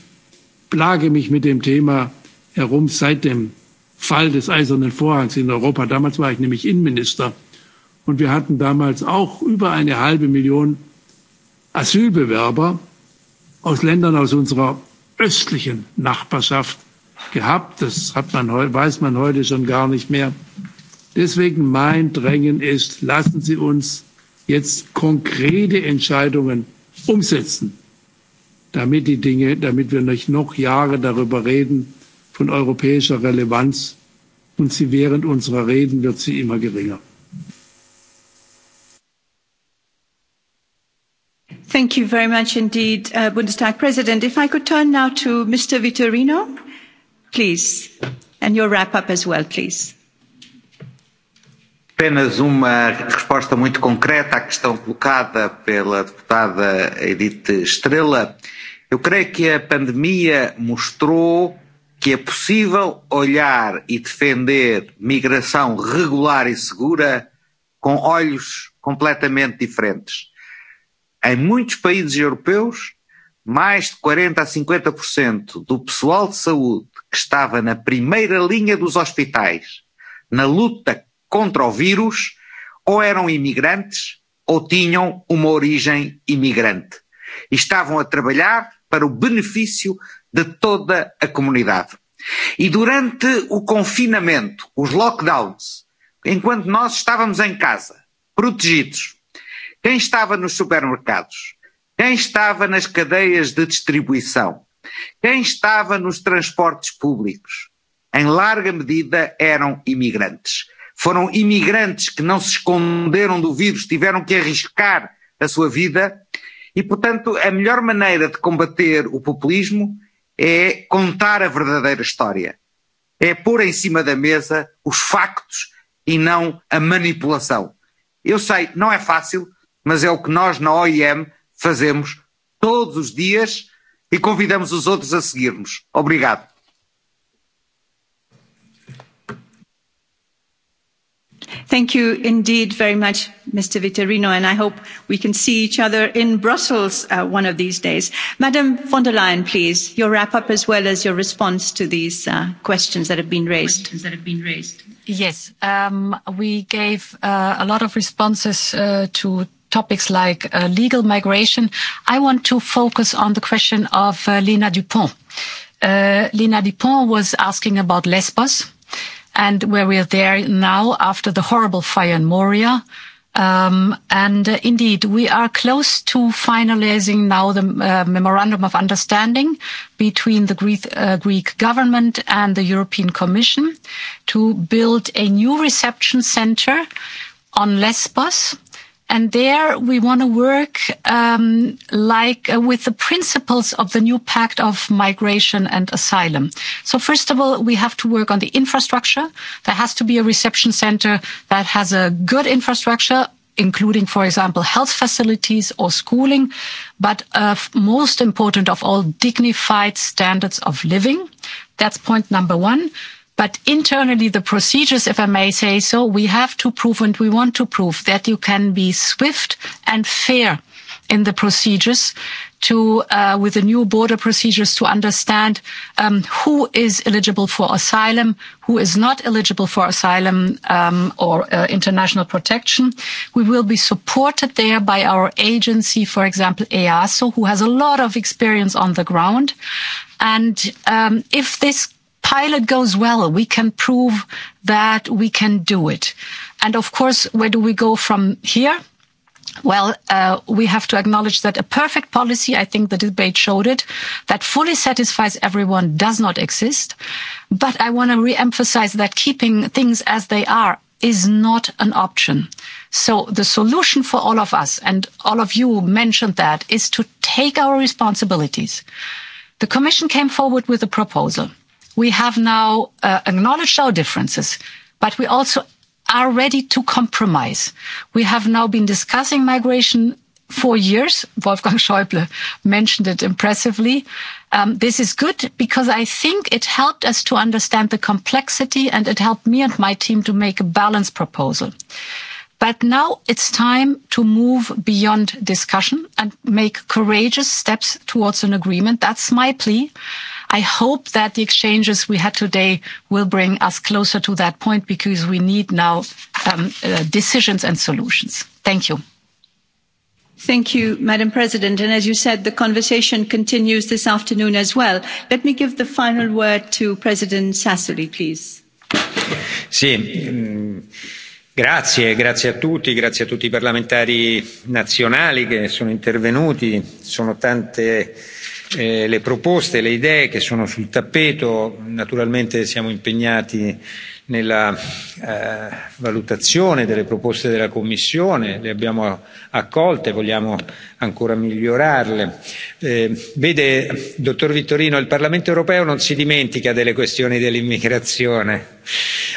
plage mich mit dem Thema herum seit dem Fall des Eisernen Vorhangs in Europa. Damals war ich nämlich Innenminister. Und wir hatten damals auch über eine halbe Million Asylbewerber aus Ländern aus unserer östlichen Nachbarschaft gehabt. Das hat man, weiß man heute schon gar nicht mehr. Deswegen mein Drängen ist, lassen Sie uns jetzt konkrete Entscheidungen umsetzen, damit die Dinge, damit wir nicht noch Jahre darüber reden, von europäischer Relevanz. Und sie während unserer Reden wird sie immer geringer. Thank you very much indeed, Bundestag President. If I could turn now to Mr. Vitorino, please, and your wrap-up as well, please. Apenas uma resposta muito concreta à questão colocada pela deputada Edith Estrela. Eu creio que a pandemia mostrou que é possível olhar e defender migração regular e segura com olhos completamente diferentes em muitos países europeus, mais de 40% a 50% do pessoal de saúde que estava na primeira linha dos hospitais na luta contra o vírus ou eram imigrantes ou tinham uma origem imigrante e estavam a trabalhar para o benefício de toda a comunidade. E durante o confinamento, os lockdowns, enquanto nós estávamos em casa, protegidos, Quem estava nos supermercados? Quem estava nas cadeias de distribuição? Quem estava nos transportes públicos? Em larga medida eram imigrantes. Foram imigrantes que não se esconderam do vírus, tiveram que arriscar a sua vida e, portanto, a melhor maneira de combater o populismo é contar a verdadeira história. É pôr em cima da mesa os factos e não a manipulação. Eu sei, não é fácil, mas é o que nós na OIM fazemos todos os dias e convidamos os outros a seguirmos. Obrigado. Thank you indeed very much, Mr. Vitorino, and I hope we can see each other in Brussels one of these days. Madam von der Leyen, please, your wrap-up as well as your response to these questions that have been raised. Yes, um, we gave a lot of responses to topics like legal migration, I want to focus on the question of Lena Dupont. Lena Dupont was asking about Lesbos and where we are there now after the horrible fire in Moria. And indeed, we are close to finalizing now the memorandum of understanding between the Greek government and the European Commission to build a new reception center on Lesbos And there we want to work like with the principles of the new pact of migration and asylum. So first of all, we have to work on the infrastructure. There has to be a reception center that has a good infrastructure including, for example, health facilities or schooling, but most important of all, dignified standards of living. That's point number one. But internally, the procedures, if I may say so, we have to prove and we want to prove that you can be swift and fair in the procedures to with the new border procedures to understand who is eligible for asylum, who is not eligible for asylum or international protection. We will be supported there by our agency, for example, EASO, who has a lot of experience on the ground. And if this pilot goes well, we can prove that we can do it. And of course, where do we go from here? Well, we have to acknowledge that a perfect policy, I think the debate showed it, that fully satisfies everyone does not exist. But I want to reemphasize that keeping things as they are is not an option. So the solution for all of us, and all of you mentioned that, is to take our responsibilities. The Commission came forward with a proposal we have now acknowledged our differences, but we also are ready to compromise. We have now been discussing migration for years. Wolfgang Schäuble mentioned it impressively. This is good because I think it helped us to understand the complexity and it helped me and my team to make a balanced proposal. But now it's time to move beyond discussion and make courageous steps towards an agreement. That's my plea. I hope that the exchanges we had today will bring us closer to that point because we need now decisions and solutions. Thank you. Thank you, Madam President. And as you said, the conversation continues this afternoon as well. Let me give the final word to President Sassoli, please. Sì, grazie, grazie a tutti, grazie a tutti i parlamentari nazionali che sono intervenuti. Sono tante le proposte le idee che sono sul tappeto naturalmente siamo impegnati nella valutazione delle proposte della Commissione, le abbiamo accolte, vogliamo ancora migliorarle. Vede, dottor Vittorino, il Parlamento europeo non si dimentica delle questioni dell'immigrazione.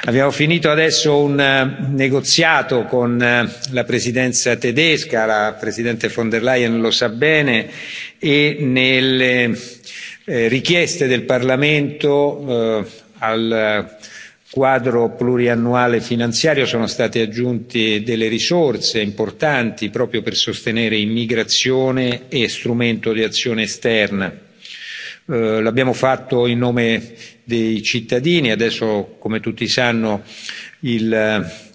Abbiamo finito adesso un negoziato con la Presidenza tedesca, la Presidente von der Leyen lo sa bene, e nelle richieste del Parlamento al quadro pluriannuale finanziario sono state aggiunte delle risorse importanti proprio per sostenere immigrazione e strumento di azione esterna. L'abbiamo fatto in nome dei cittadini adesso come tutti sanno il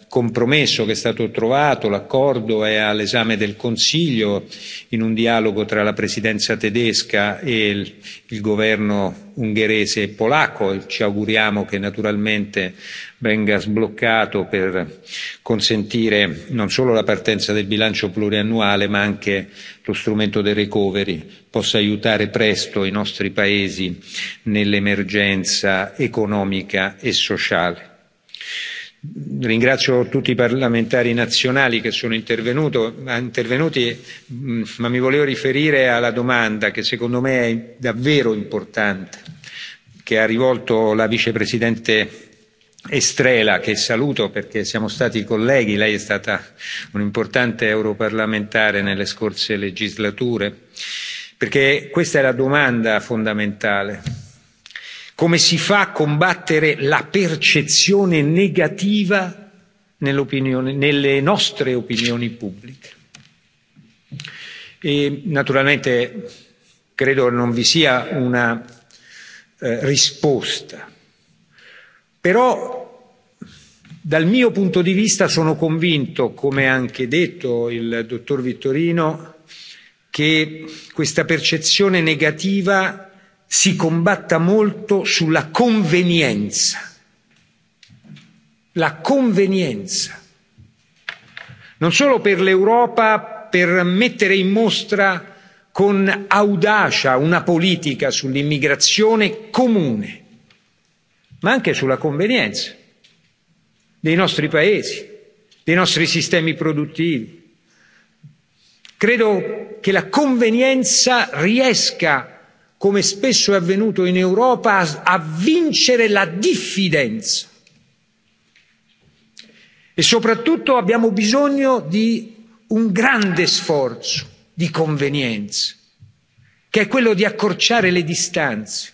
compromesso che è stato trovato l'accordo è all'esame del consiglio in un dialogo tra la presidenza tedesca e il governo ungherese e polacco e ci auguriamo che naturalmente venga sbloccato per consentire non solo la partenza del bilancio pluriennale ma anche lo strumento del recovery possa aiutare presto i nostri paesi nell'emergenza economica e sociale ringrazio tutti i parlamentari nazionali che sono intervenuti ma mi volevo riferire alla domanda che secondo me è davvero importante che ha rivolto la vicepresidente estrela che saluto perché siamo stati colleghi lei è stata un importante europarlamentare nelle scorse legislature perché questa è la domanda fondamentale come si fa a combattere la percezione negativa nelle nostre opinioni pubbliche e naturalmente credo non vi sia una risposta però dal mio punto di vista sono convinto come ha anche detto il dottor Vittorino che questa percezione negativa si combatta molto sulla convenienza la convenienza non solo per l'Europa per mettere in mostra con audacia una politica sull'immigrazione comune ma anche sulla convenienza dei nostri paesi dei nostri sistemi produttivi credo che la convenienza riesca come spesso è avvenuto in Europa, a vincere la diffidenza. E soprattutto abbiamo bisogno di un grande sforzo di convenienza, che è quello di accorciare le distanze,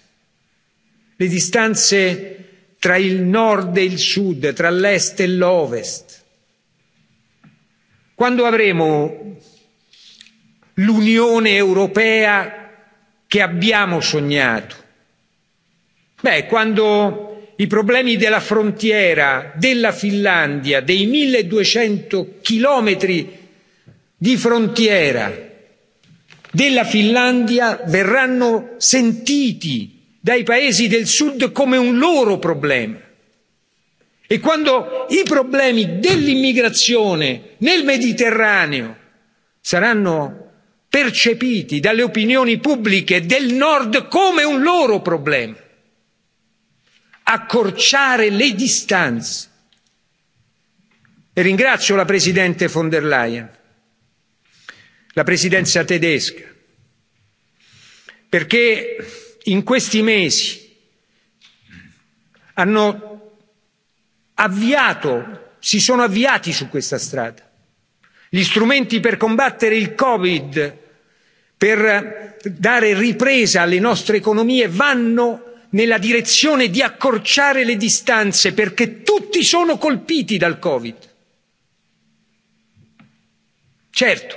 le distanze tra il nord e il sud, tra l'est e l'ovest. Quando avremo l'Unione Europea che abbiamo sognato. Beh, quando i problemi della frontiera della Finlandia, dei 1200 chilometri di frontiera della Finlandia verranno sentiti dai paesi del sud come un loro problema. E quando i problemi dell'immigrazione nel Mediterraneo saranno percepiti dalle opinioni pubbliche del nord come un loro problema accorciare le distanze e ringrazio la presidente von der Leyen la presidenza tedesca perché in questi mesi hanno avviato si sono avviati su questa strada gli strumenti per combattere il covid per dare ripresa alle nostre economie vanno nella direzione di accorciare le distanze perché tutti sono colpiti dal covid. certo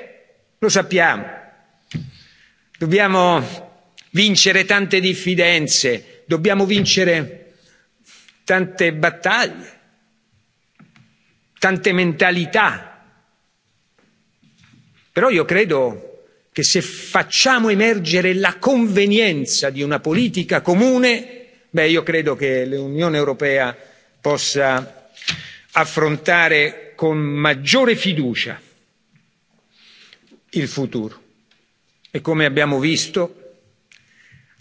lo sappiamo dobbiamo vincere tante diffidenze dobbiamo vincere tante battaglie tante mentalità però io credo che se facciamo emergere la convenienza di una politica comune beh io credo che l'unione europea possa affrontare con maggiore fiducia il futuro e come abbiamo visto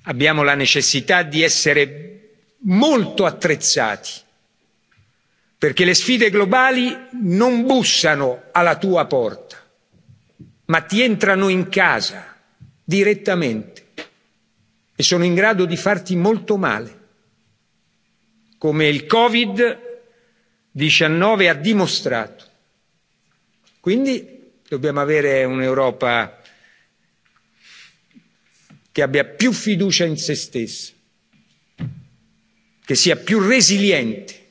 abbiamo la necessità di essere molto attrezzati perché le sfide globali non bussano alla tua porta ma ti entrano in casa direttamente e sono in grado di farti molto male come il covid 19 ha dimostrato. quindi dobbiamo avere un'europa che abbia più fiducia in se stessa che sia più resiliente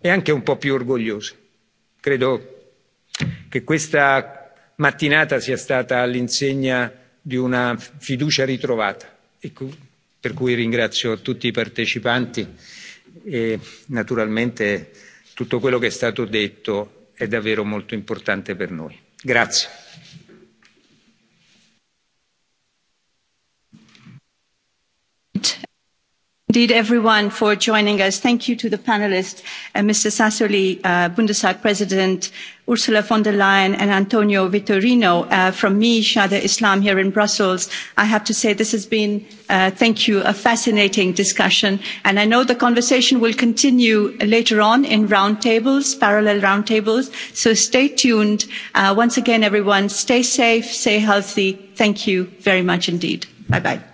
e anche un po' più orgogliosa. credo che questa mattinata sia stata all'insegna di una fiducia ritrovata per cui ringrazio tutti i partecipanti e naturalmente tutto quello che è stato detto è davvero molto importante per noi. Indeed, everyone for joining us. Thank you to the panelists, Mr. Sassoli, Bundestag President, Ursula von der Leyen and Antonio Vitorino from me, Shader Islam here in Brussels. I have to say this has been, thank you, a fascinating discussion. And I know the conversation will continue later on in round tables, parallel round tables, So stay tuned. Once again, everyone, stay safe, stay healthy. Thank you very much indeed. Bye-bye.